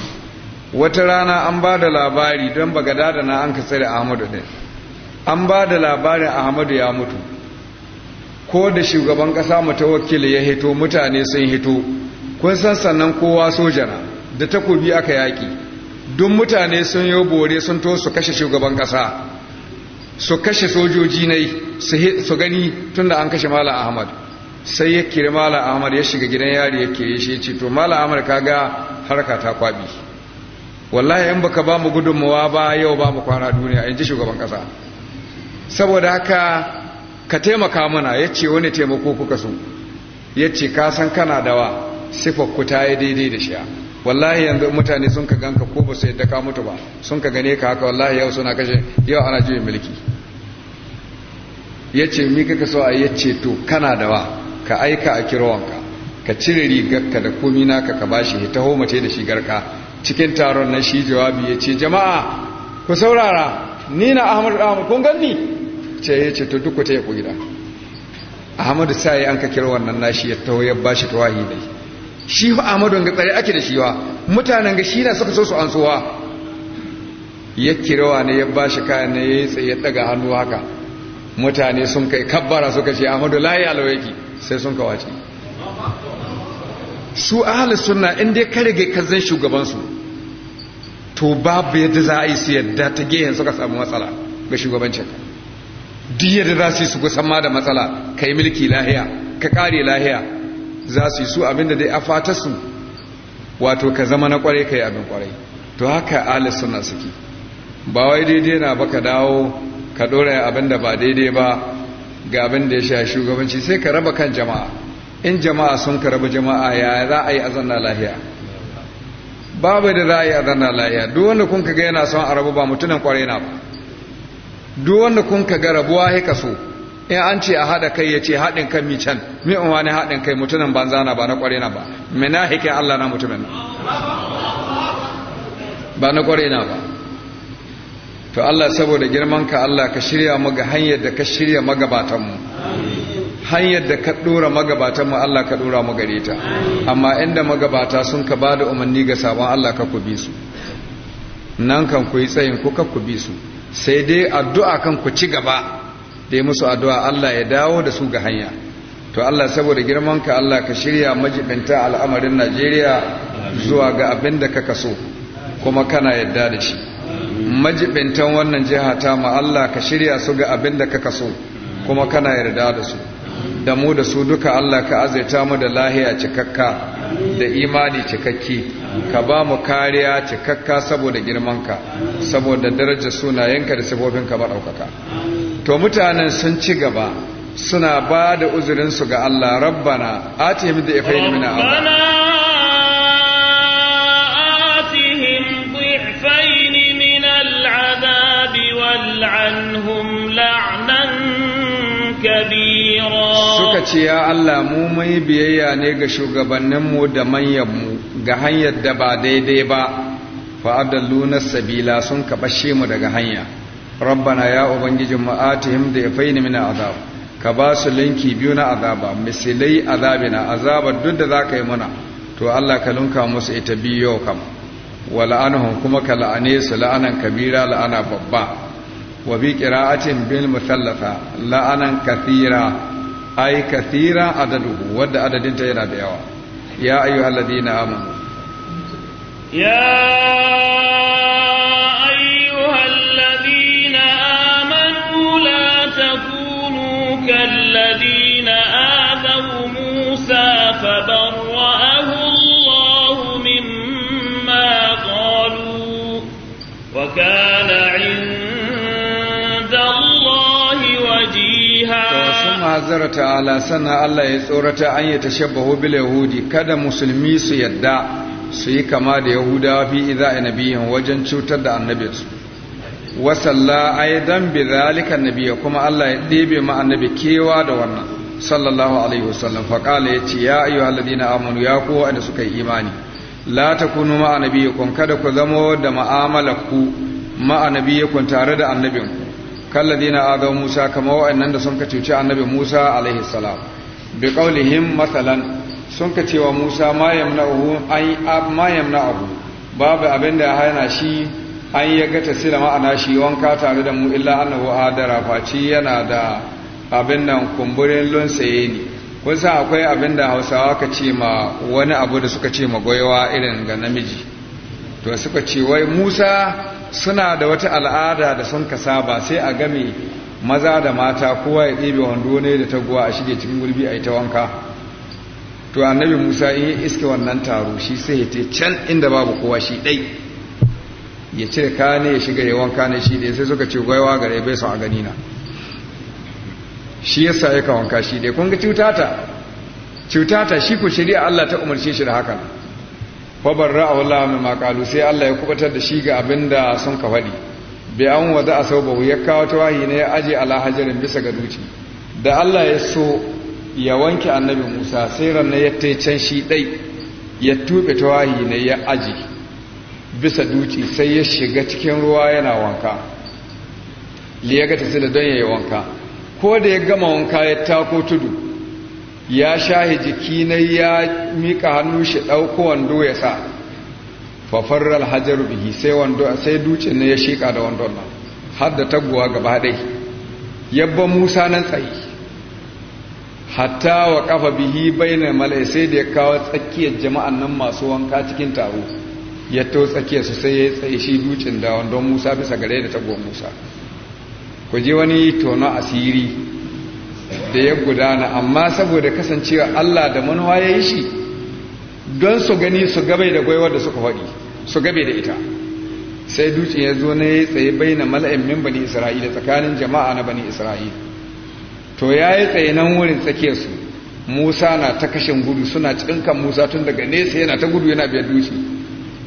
wata rana an ba da labari don bagada da na an ka tsare ahmadu din an ba da labarin ahmadu ya mutu ko da shugaban ƙasa wakili ya hito mutane sun hito kun san sannan kowa sojana da takobi aka yaki duk mutane sun yi bore sun to su kashe shugaban ƙasa su kashe sojoji ne su gani tun da an kashe mala ahmad sai ya kiri mala ahmad ya shiga gidan yari ya kiri shi ce to mala ahmad ka ga harka ta kwabi wallahi in baka ba mu gudunmuwa ba yau ba mu kwana duniya in ji shugaban ƙasa saboda haka ka taimaka mana ya ce wani taimako kuka so ya ce ka san kana dawa sifar ku ta yi daidai da shiya wallahi yanzu mutane sun ka ganka ko ba su yadda ka mutu ba sun ka gane ka haka wallahi yau suna kashe yau ana juyin mulki ya ce mi kaka so a ya ce to kana dawa ka aika a kirowanka ka cire rigarka da komi naka ka bashi ya taho mace da shigarka cikin taron na shi jawabi ya ce jama'a ku saurara ni na ahmadu ahmadu kun ganni ce ya ce to duk ta ya gida ahmadu sa yi an ka kira wannan nashi ya taho ya ba shi tawahi ne shi fa ahmadu ga tsare ake da shi wa mutanen ga shi na suka so su an suwa ya kirawa ne ya ba shi kayan ne ya yi tsaye ya daga hannu haka mutane sun kai kabbara suka ce ahmadu layi alawaki sai sun kawace su ahalus sunna in dai ka rige ka zan shugabansu to babu yadda za a yi su yadda ta gehen suka samu matsala ga shugabancin duk yadda za su yi su kusan ma da matsala ka yi mulki lahiya ka kare lahiya za su yi su abinda dai a fata su wato ka zama na kwarai ka yi abin kwarai to haka alis suna suke ba wai daidai na ba ka dawo ka ɗora abin da ba daidai ba ga abin da ya sha shugabanci sai ka raba kan jama'a in jama'a sun ka raba jama'a ya za a yi azanna lahiya babu da za a yi a zanna lahiya duk wanda kun kaga yana son a rabu ba mutunan kwarai na ba duk wanda kun kaga rabuwa ya kaso in an ce a haɗa kai ya ce haɗin kan mican can in wani haɗin kai mutunan banza na ba na kwarai na ba na haike allah na mutumin ba na kwarai na ba to allah saboda girman ka allah ka shirya mu ga hanyar da ka shirya magabatanmu hanyar da ka ɗora magabatan mu Allah ka dora mu gare ta amma inda magabata sun ka ba da umarni ga sabon Allah ka ku bi su nan kan ku yi tsayin ku ka ku bi su sai dai addu'a kan ku ci gaba da musu addu'a Allah ya dawo da su ga hanya to Allah saboda girman ka Allah ka shirya majibinta al'amarin Najeriya zuwa ga abin da kaka so kuma kana yadda da shi majibintan wannan jiha ta ma Allah ka shirya su ga abin da kaka so kuma kana yarda da su da mu da su duka Allah ka azaita mu da lahiya cikakka da imani cikakki ka ba mu kariya cikakka saboda girmanka saboda darajar sunayenka da sifofinka maɗaukaka to mutanen sun ci gaba suna ba da uzurinsu ga Allah rabbana atihim da ifaini mina Allah ce ya Allah mu mai biyayya ne ga shugabanninmu da manyanmu ga hanyar da ba daidai ba fa'adallu sabila sun kaɓashe mu daga hanya rabbana ya ubangijin ma'atihim da ya faini mina azab ka ba su linki biyu na azaba misilai azabina azabar duk da za ka yi muna to Allah ka lunka musu ita biyu kam wa la'anuhum kuma ka la'ane su la'anan kabira la'ana babba wa bi qira'atin bil muthallafa la'anan kathira ay kathira adaduhu wadda adadinta yana da yawa ya ayyuhal ladina amanu ya ayyuhal ladina amanu la takunu kal ladina adaw musa fabarra'ahu Allah mimma qalu wa kana ma'azara ta'ala sannan Allah ya tsorata an yi tashabbahu bil yahudi kada musulmi su yadda su yi kama da yahudawa fi idza nabiyin wajen cutar da annabinsu wa salla aidan bi zalika nabiyya kuma Allah ya ɗebe ma annabi kewa da wannan sallallahu alaihi wasallam fa qala ce ya ayyuhal ladina amanu ya ku wanda suka yi imani la takunu ma nabiyyikum kada ku zama da mu'amalar ma tare da annabinku kalladina adaw Musa kama wa'annan da sun ka cuci annabi Musa alaihi salam bi qaulihim Masalan sun ka cewa Musa ma yamna'uhu ay ma yamna'uhu babu abin da ya hana shi an ya ga tasira ma'ana shi wanka tare da mu illa annahu adara faci yana da abin nan kumburin lunsaye ne kun san akwai abin da Hausawa ka ce ma wani abu da suka ce ma goyawa irin ga namiji to suka ce wai Musa suna da wata al'ada da sun ka saba sai a game maza da mata kowa ya ɗebe wando ne da taguwa a shige cikin gulbi a yi ta wanka to annabi musa in yi iske wannan taro shi sai ya can inda babu kowa shi ɗai ya cire kaya ne ya shiga ya wanka ne shi ɗai sai suka ce gwaiwa gare bai su a gani na shi yasa ya ka wanka shi ɗai kun ga cutata cutata shi ku shari'a Allah ta umarce shi da hakan fabarra a mai makalu sai Allah ya kubatar da shi ga abin da sun ka faɗi bai an wada a sau bahu ya kawo wahi ne ya aje ala hajarin bisa ga duci da Allah ya so ya wanke annabi musa sai ranar ya can shi ɗai ya tuɓe wahi ne ya aje bisa duci sai ya shiga cikin ruwa yana wanka liya ga da don ya yi wanka ko da ya gama wanka ya tako tudu ya shahi jiki na ya mika hannu shi ɗauko wando ya sa fafarar hajjar bihi sai wando sai duce na ya shika da wando. nan har da taguwa gaba ɗai yabba musa nan tsayi hatta wa ƙafa bihi bai na mala'ai sai da ya kawo tsakiyar jama'an nan masu wanka cikin taro ya to tsakiyar su sai ya tsaye shi ducin da wandon musa bisa gare da taguwar musa ku je wani tono asiri da ya gudana amma saboda kasancewa Allah da manuwa ya yi shi don su gani su gabai da gwaiwar da suka faɗi su gabe da ita sai dutse ya zo na ya tsaye bai na mala'in min bani isra'ila tsakanin jama'a na bani isra'ila to ya yi tsaye nan wurin su musa na ta kashin gudu suna kan musa tun daga nesa yana ta gudu yana biyar dutse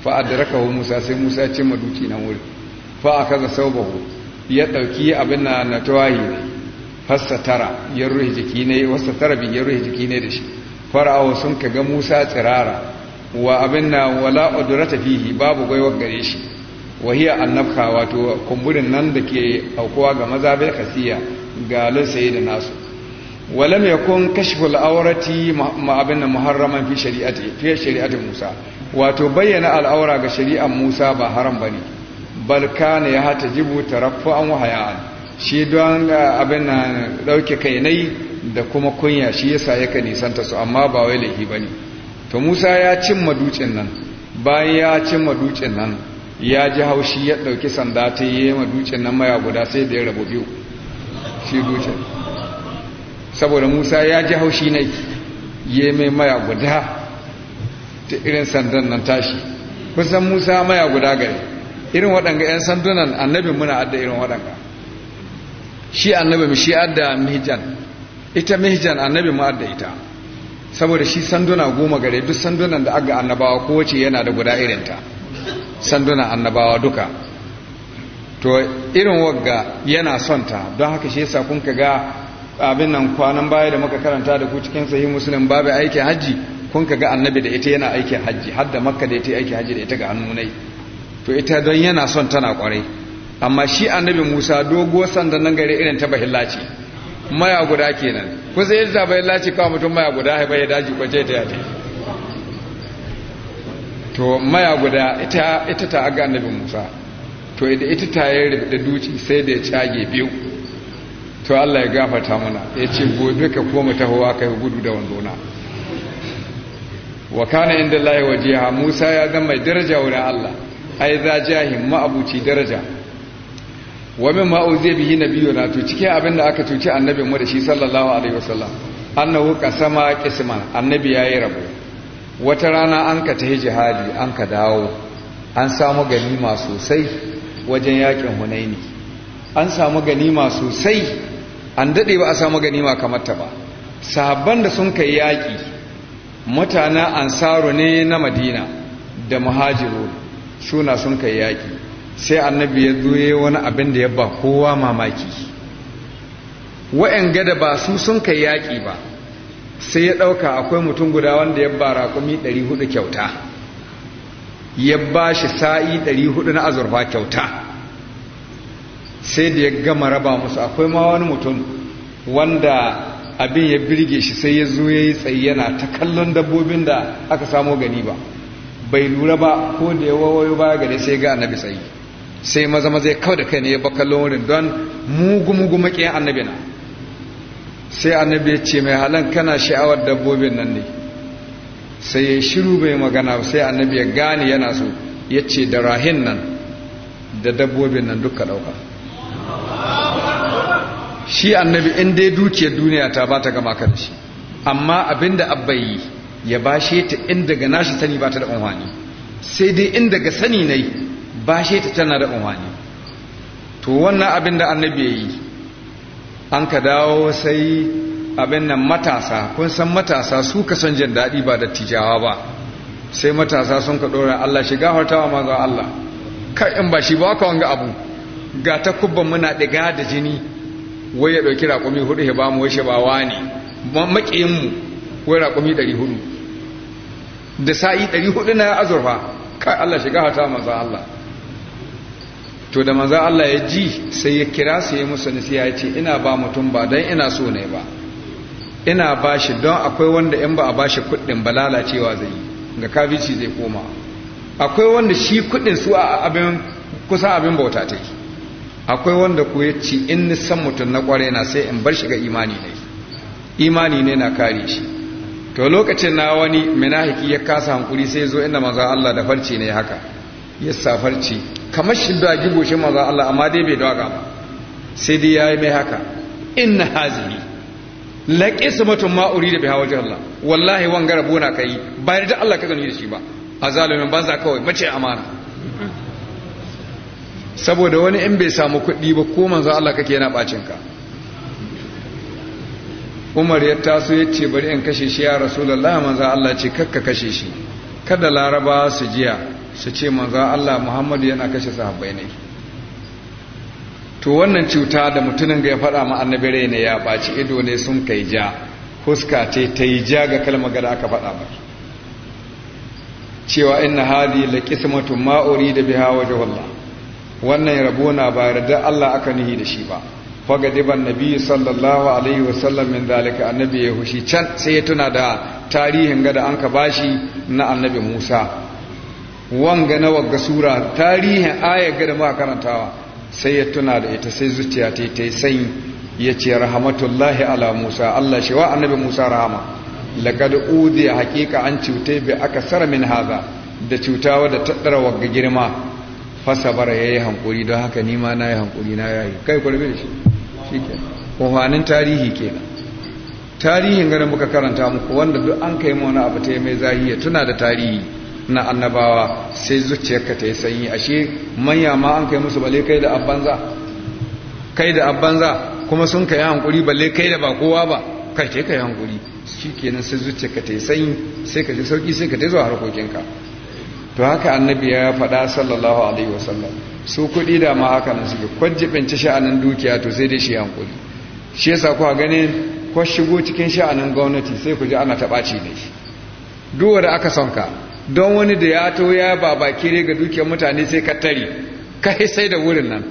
fa'ad da raka musa sai musa ce ma dutse nan wurin fa'a kaza sau ya ɗauki abin na na tawahi ne fassatara ya ruhi jiki ne tara bi ya ruhi jiki ne da shi fara'awa sun ka ga musa tsirara wa abin na wala udurata fihi babu gaiwar gare shi wa hiya annabka wato kumburin nan da ke aukuwa ga maza kasiya. kasiya ga lansaye da nasu walam yakun kashful awrati ma abin muharraman fi shari'ati fi shari'atin musa wato bayyana al'aura ga shari'ar musa ba haram bane bal kana ya hatajibu taraffu'an an wahaya shi don ah, abin na ɗauke kai da kuma kunya shi yasa yaka nisanta su amma ba wai laifi ba ne to musa ya cimma dutsen nan bayan ya cimma dutsen nan ya ji haushi ya ɗauki sanda ta yi ma nan maya guda sai da ya rabu biyu shi dutsen saboda musa ya ji haushi ne ya mai maya guda ta irin sandan nan tashi kusan musa maya guda gari irin waɗanga 'yan sandunan annabin muna adda irin waɗanga shi annabi shi adda mihjan ita mihjan annabi mu adda ita saboda shi sanduna goma gare duk sandunan da aga annabawa kowace yana da guda irinta sanduna annabawa duka to irin wagga yana son ta don haka shi yasa kun ga abin nan kwanan baya da muka karanta da ku cikin sahih muslim babu aikin haji kun ga annabi da ita yana aikin haji har da makka da ita aikin haji da ita ga hannunai to ita don yana son tana kwarai amma shi annabi musa dogo sanda nan gare irin ta bahilla ce maya guda kenan kusa yadda ta bahilla ce kawai mutum maya guda haifa ya daji kwace ta to maya guda ita ita ta aga annabi musa to idan ita ta yi da duci sai da ya cage biyu to Allah ya gafarta mana ya ce gobe ka koma tahowa ka yi gudu da wandona wa kana inda Allah ya waje ha Musa ya zama mai daraja wurin Allah ai za ma abuci daraja wa min ma uzi bihi na, to cikin abin da aka cuci annabin mu da shi sallallahu alaihi wasallam annahu qasama qisman annabi yayi rabo wata rana an ka tahi jihadi an ka dawo an samu ganima sosai wajen yakin hunaini an samu ganima sosai an dade ba a samu ganima kamar ta ba sahabban da sun kai yaki mutanen ansaru ne na madina da muhajiru suna sun kai yaki sai annabi ya ya wani abin da ya ba kowa mamaki wa'yan gada ba su sun kai yaƙi ba sai ya ɗauka akwai mutum guda wanda ya ba raƙumi 400 kyauta ya ba shi sa'i 400 na azurfa kyauta sai da ya gama raba musu akwai ma wani mutum wanda abin ya birge shi sai ya zo ya yi tsaye yana ta kallon dabbobin da aka samo gani ba bai lura ba ko da ya wawayo baya gare sai ga annabi tsayi. sai maza maza ya da kai ne ya baka wurin don mugu mugu makiyan annabi na sai annabi ya ce mai halan kana sha'awar dabbobin nan ne sai ya shiru bai magana sai annabi ya gane yana so ya ce da rahin nan da dabbobin nan duka ɗauka. shi annabi in dai dukiyar duniya ta ba ta gama kan shi amma abinda abbayi ya bashe ta in daga nashi sani ba ta da umarni. sai dai in daga sani na yi. bashe ta tana da umarni to wannan abin da annabi ya yi an ka dawo sai abin nan matasa kun san matasa su ka son jin daɗi ba da tijawa ba sai matasa sun ka ɗora Allah shiga hartawa maza Allah kai in ba shi ba ka wanga abu ga ta kubban muna ɗiga da jini wai ya ɗauki raƙumi hudu ya ba mu wai shabawa ne maƙiyinmu wai raƙumi ɗari hudu da sa'i ɗari hudu na azurfa kai Allah shiga hartawa maza Allah to da manzan Allah ya ji sai ya kira su yi musu nasiha ya ce ina ba mutum ba don ina so ne ba ina ba shi don akwai wanda in ba a ba shi kuɗin ba lalacewa zai yi ga kafici zai koma akwai wanda shi kuɗin su a abin kusan abin bauta ta yi akwai wanda ku ya ci in nisan mutum na kwarai na sai in bar shi ga imani ne imani ne na kare shi to lokacin na wani minahiki ya kasa hankuri sai zo inda maza Allah da farci ne haka ya sa farci kamar shi dagi goshin maza Allah amma dai bai daga ba sai dai yayi mai haka inna hazihi la qismatun ma urida biha wajh Allah wallahi garabu na kai ba da Allah ka gani da shi ba azalimin banza kawai mace amana saboda wani in bai samu kuɗi ba ko manzo Allah kake yana bacin ka Umar ya taso ya ce bari in kashe shi ya Rasulullah manzo Allah ce kakka kashe shi kada laraba su jiya su ce manzan Allah Muhammadu yana kashe sahabbai ne to wannan cuta da mutumin ga ya faɗa ma annabi rai ne ya baci ido ne sun kai ja huska ce ta yi ja ga kalmar gada aka faɗa mai cewa ina hadi la kismatun ma da biha waje walla. wannan rabo na ba yarda Allah aka nihi da shi ba diban nabi sallallahu alaihi wasallam min zalika annabi ya hushi can sai ya tuna da tarihin gada an ka bashi na annabi Musa wanga na wagga sura tarihin ayar gada ma karantawa sai ya tuna da ita sai zuciya ta ta yi sanyi ya ce rahamatullahi ala musa allah shi wa annabi musa rahama laqad udiya hakika an cuta bi sara min haza da cutawa da dara wagga girma fasa ya yi hankuri don haka ni ma yi hankuri na yayi kai da shi ke kohanin tarihi kenan tarihin ganin muka karanta muku wanda duk an kai mu abu ta yi mai zahiya tuna da tarihi na annabawa sai zuciyarka ta yi sanyi ashe manya ma an kai musu balle kai da abbanza kai da abbanza kuma sun kai hankuri balle kai da ba kowa ba kai ce kai hankuri kenan sai zuciyarka ta yi sanyi sai ka ji sauki sai ka ta zuwa harkokinka to haka annabi ya faɗa sallallahu alaihi wasallam su kuɗi da ma haka nan suke kwajibinci sha'anin dukiya to sai dai shi hankuri shi yasa kuwa ganin ko shigo cikin sha'anin gwamnati sai ku ji ana taɓaci ne shi duwa da aka son ka don wani da ya to ya ba baki ne ga dukiyar mutane sai ka tare ka sai da wurin nan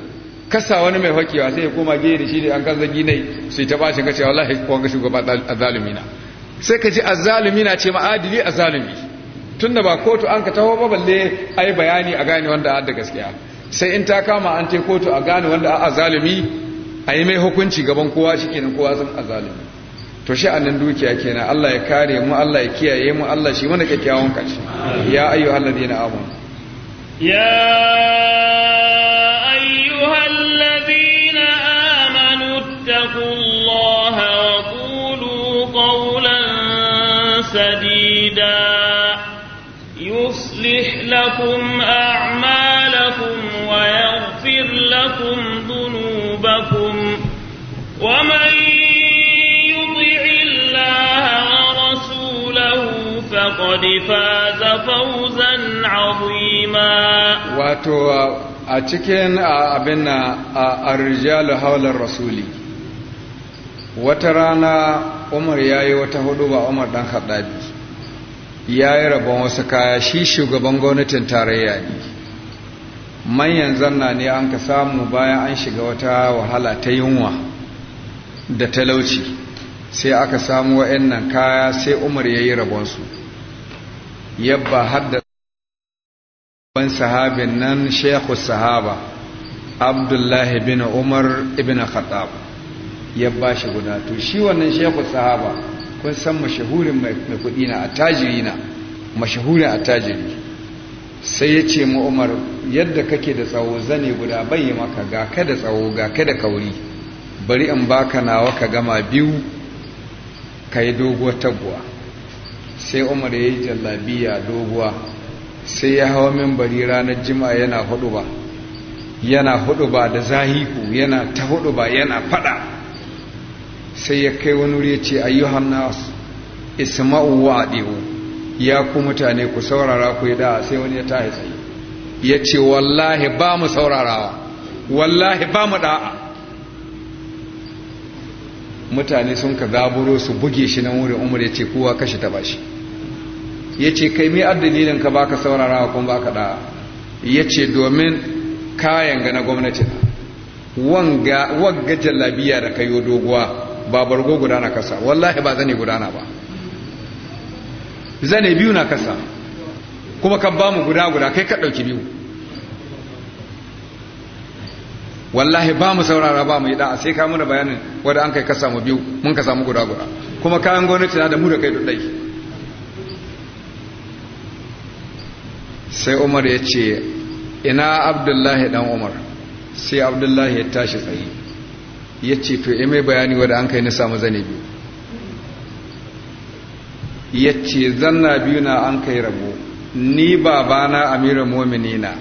kasa wani mai hakewa sai ya koma geye da shi da an kan zagi nai sai ta bashi ka ce wallahi kuwan ga shugaba azalumi na sai ka ji azalumi na ce ma'adili azalumi tun da ba kotu an ka taho ba balle a yi bayani a gane wanda da gaskiya sai in ta kama an ce kotu a gane wanda a azalumi a yi mai hukunci gaban kowa shi kenan kowa sun azalumi to shi annan dukiya kenan Allah ya kare mu Allah ya kiyaye mu Allah shi mana kyakkyawan kashi ya ayyuhal ladina amanu ya ayyuhal ladina amanu taqullaha wa qulu qawlan sadida yuslih lakum a'malakum فوزا عظيما واتو أتكين rasuli الرجال حول الرسول wata huɗu ياي Umar ɗan دان خطابي yayi rabon wasu kaya shi shugaban gwamnatin tarayya ne manyan zanna ne an ka samu bayan an shiga wata wahala ta yunwa da talauci sai aka samu wa'annan kaya sai umar ya yi rabonsu yabba hadda ban sahabin nan shekhu sahaba abdullahi bin umar ibn khattab yabba shi guda to shi wannan shekhu sahaba kun san mashahurin mai kudi na attajiri na mashahurin attajiri sai ya ce mu umar yadda kake da tsawo zane guda bai maka ga ka da tsawo ga ka da kauri bari in baka nawa ka gama biyu ka yi doguwar taguwa sai umar ya yi jallabiya doguwa sai ya hawa mimbari ranar jima'a yana hudu ba yana hudu ba da zahiku yana ta hudu ba yana fada sai ya kai wani wuri ce ayyuhan nas isma'u wa adiu ya ku mutane ku saurara ku yi da sai wani ya tahi tsaye ya ce wallahi ba mu saurarawa wallahi ba mu da'a mutane sun ka zaburo su buge shi nan wurin umar ya ce kowa kashe ta bashi. ya ce kai me addalilin ka baka saurara kuma baka da ya ce domin kayan ga na gwamnati wanga wagga jallabiya da kayo doguwa ba bargo gudana kasa wallahi ba zane gudana ba zane biyu na kasa kuma kan bamu guda guda kai ka ɗauki biyu wallahi ba mu saurara ba mu yi da'a sai ka muna bayanin wadda an kai ka samu biyu mun ka samu guda guda kuma kayan gwamnati na da mu da kai dudai sai umar ya ce ina abdullahi dan umar sai abdullahi ya tashi tsaye ya ce to ya mai bayani wadda an kai nisa samu zane biyu ya ce zanna biyu na an kai rabo ni babana amira na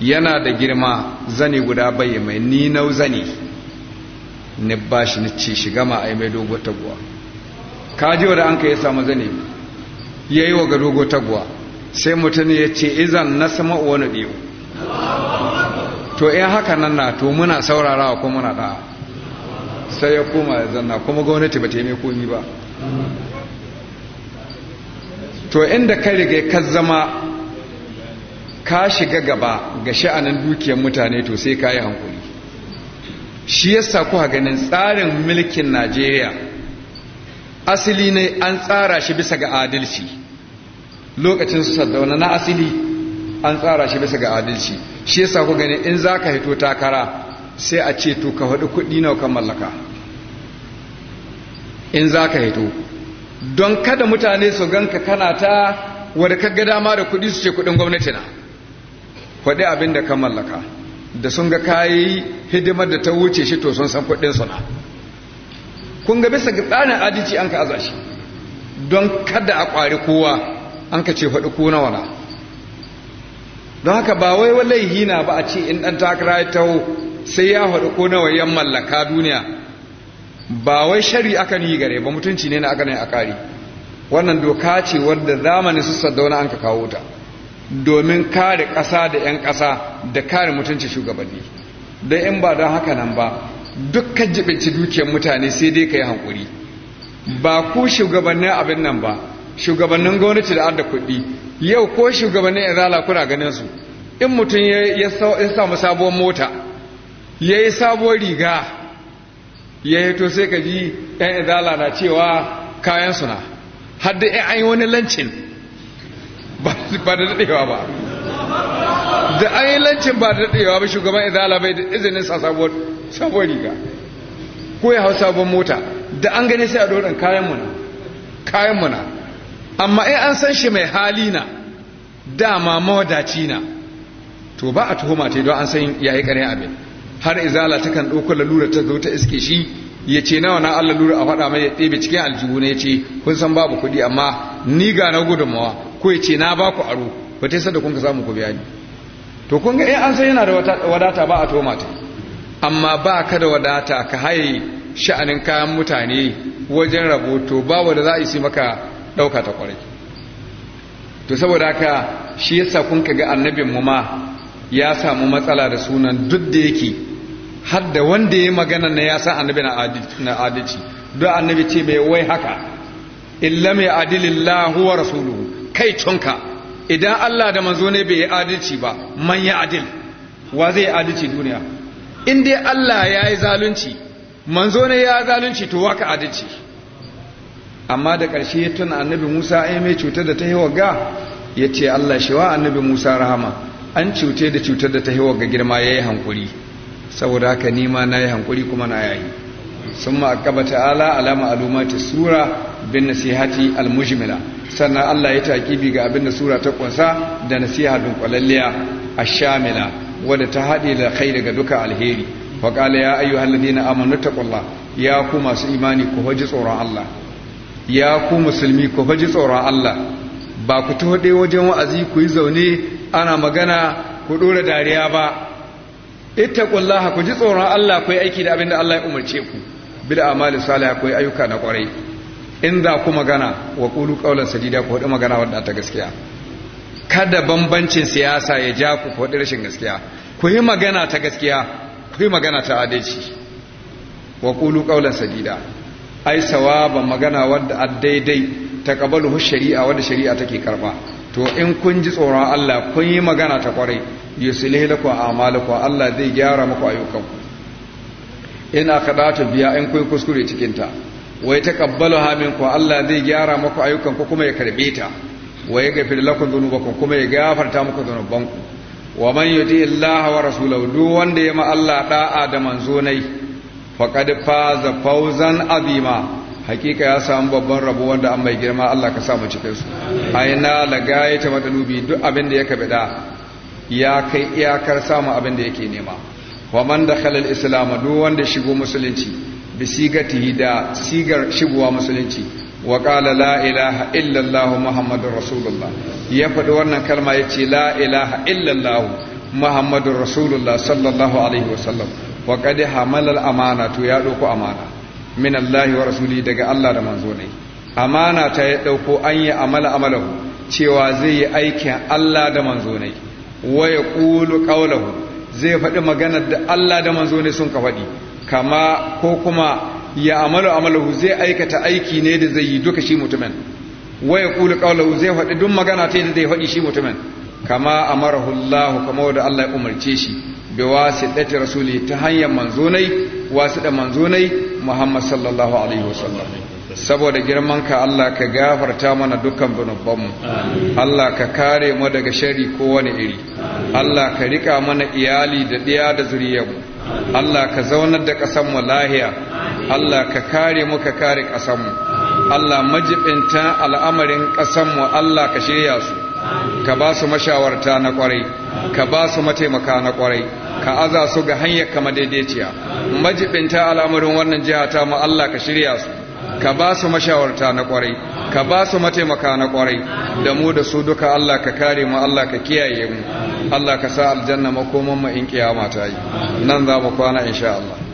yana da girma zane guda bayi mai ni nau zane ni ba shi ni ce shiga ma a yi mai dogo taguwa kaji wadda an kai ya samu zane ya yi wa ga dogo taguwa sai mutum ya ce izan na sama wani biyu to in eh, haka nan na to muna saurarawa ko muna da sai ya koma ya zanna kuma gwamnati ba ta yi mai komi ba to inda ka riga ka zama ka shiga gaba ga sha'anin dukiyar mutane to sai ka yi hankuli shi yasa kuka ganin tsarin mulkin najeriya asali ne an tsara shi bisa ga adalci lokacin su saddauna na asili an tsara shi bisa ga adalci shi yasa ku gani in za ka hito takara sai a ce to ka faɗi kuɗi nawa kan mallaka in za ka hito don kada mutane su ganka kana ta wadda ka ga dama da kuɗi su ce kuɗin gwamnati na faɗi abin da ka mallaka da sun ga kayi hidimar da ta wuce shi to sun san kuɗin suna kun ga bisa ga tsarin adalci an ka aza shi don kada a kwari kowa an ka ce faɗi ku nawa na don haka ba wai wallahi na ba a ce in ɗan takara ya taho sai ya faɗi ko nawa yan mallaka duniya ba wai shari aka ni gare ba mutunci ne na aka ne a kari wannan doka ce wadda zamani su wani an ka kawo ta domin kare ƙasa da 'yan ƙasa da kare mutunci shugabanni don in ba don haka nan ba dukkan jibinci dukiyar mutane sai dai ka yi hankuri ba ku shugabannin abin nan ba shugabannin gwamnati da adda kuɗi yau ko shugabannin izala kuna ganin su in mutum ya samu sabuwar mota ya yi sabuwar riga ya to sai ka ji 'yan izala na cewa kayan suna hadda 'yan an yi wani lancin ba da daɗewa ba da an yi lancin ba da daɗewa ba shugaban izala bai da izinin sa sabuwar riga ko ya hau sabuwar mota da an gani sai a doron kayan muna kayan muna amma in an san shi mai hali na dama mawadaci na to ba a tuhuma ta don an san yayi kare abin har izala takan ɗauko lalura ta zo ta iske shi ya ce nawa na Allah lura a faɗa mai ya ɗebe cikin aljihu ne ya ce kun san babu kuɗi amma ni ga na gudunmawa ko ya ce na ba ku aro ba ta yi da kun ka samu ku biya ni to kun ga in an san yana da wadata ba a tuhuma ta amma ba ka da wadata ka haye sha'anin kayan mutane wajen raboto babu da za a yi maka ɗauka ta kwarai to saboda haka shi yasa kun kaga annabin mu ma ya samu matsala da sunan duk da yake har da wanda ya magana na ya san annabi na adalci duk annabi ce bai wai haka illa mai adilillah huwa rasuluhu kai cunka idan Allah da manzo ne bai yi adalci ba man ya adil wa zai yi adalci duniya in dai Allah ya yi zalunci manzo ne ya zalunci to waka adalci amma da ƙarshe ya tuna annabi musa ai mai cutar da ta yi waga ya ce allah shi wa annabi musa rahama an cute da cutar da ta yi waga girma ya yi hankuri saboda haka nima na yi hankuri kuma na yayi sun akaba ta'ala alama alumati sura bin nasihati almujmila sannan allah ya taƙibi ga abin da sura ta ƙunsa da nasiha kwalalliya a shamila wadda ta haɗe da kai daga duka alheri wa ya na ladina amanu taqullah ya ku masu imani ku hoji tsoron Allah ya ku musulmi ku faji tsoron Allah ba ku tuhuɗe wajen wa'azi ku yi zaune ana magana ku ɗora dariya ba ita kullaha ku ji tsoron Allah ku yi aiki da abin da Allah ya umarce ku bil amali salih ku yi ayyuka na kwarai in za ku magana wa qulu qawlan sadida ku haɗu magana wadda ta gaskiya kada bambancin siyasa ya ja ku ku haɗu rashin gaskiya ku yi magana ta gaskiya ku yi magana ta adalci wa qulu qawlan sadida ai sawaba magana wadda addaidai ta kabalu shari'a wadda shari'a take karba to in kun ji tsoron Allah kun yi magana ta kwarai yusulih lakum a'malukum Allah zai gyara muku ayyukanku in ta biya in kun kuskure cikin ta wai taqabbaluha minku Allah zai gyara muku ayyukanku kuma ya karbe ta wai gafir lakum dhunubakum kuma ya gafarta muku dhunubanku wa man yuti Allah wa rasulahu duk wanda ya ma Allah da'a da manzonai faƙad faza fauzan azima hakika ya samu babban rabo wanda an mai girma Allah ka samu cikin su aina lagaye ta matalubi duk abin da ya kabida ya kai iyakar samun abin da yake nema wa man dakhala al-islam duk wanda shigo musulunci bi sigatihi da sigar shigowa musulunci wa qala la ilaha illa allah muhammadur rasulullah ya faɗi wannan kalma yace la ilaha illa allah muhammadur rasulullah sallallahu alaihi wasallam wa qad hamalal amana to ya dauko amana min Allah wa rasuli daga Allah da manzo ne amana ta ya dauko an yi amala amalahu cewa zai yi aikin Allah da manzo ne wa yaqulu qawluhu zai faɗi maganar da Allah da manzo ne sun ka faɗi kama ko kuma ya amalu amalahu zai aikata aiki ne da zai yi duka shi mutumin wa yaqulu qawluhu zai faɗi duk magana ta da zai faɗi shi mutumin kama amarahu Allah kama wanda Allah ya umarce shi bi wasitati rasuli ta hanyar manzonai da manzonai Muhammad sallallahu alaihi wasallam saboda girman ka Allah ka gafarta mana dukkan zunubanmu Allah ka kare mu daga shari kowane iri Allah ka rika mana iyali da ɗiya da zuriyarmu Allah ka zaunar da mu lahiya Allah ka kare mu ka kare ƙasanmu Allah majibinta al'amarin ƙasanmu Allah ka shirya su ka ba su mashawarta na kwarai ka ba su mataimaka na kwarai ka aza su ga hanyar kama daidaiciya majibinta al'amarin wannan jiha ta mu Allah ka shirya su ka ba su mashawarta na kwarai ka ba su mataimaka na kwarai da mu da su duka Allah ka kare mu Allah ka kiyaye mu Allah ka sa aljanna makoman mu in kiyama ta yi nan za mu kwana insha Allah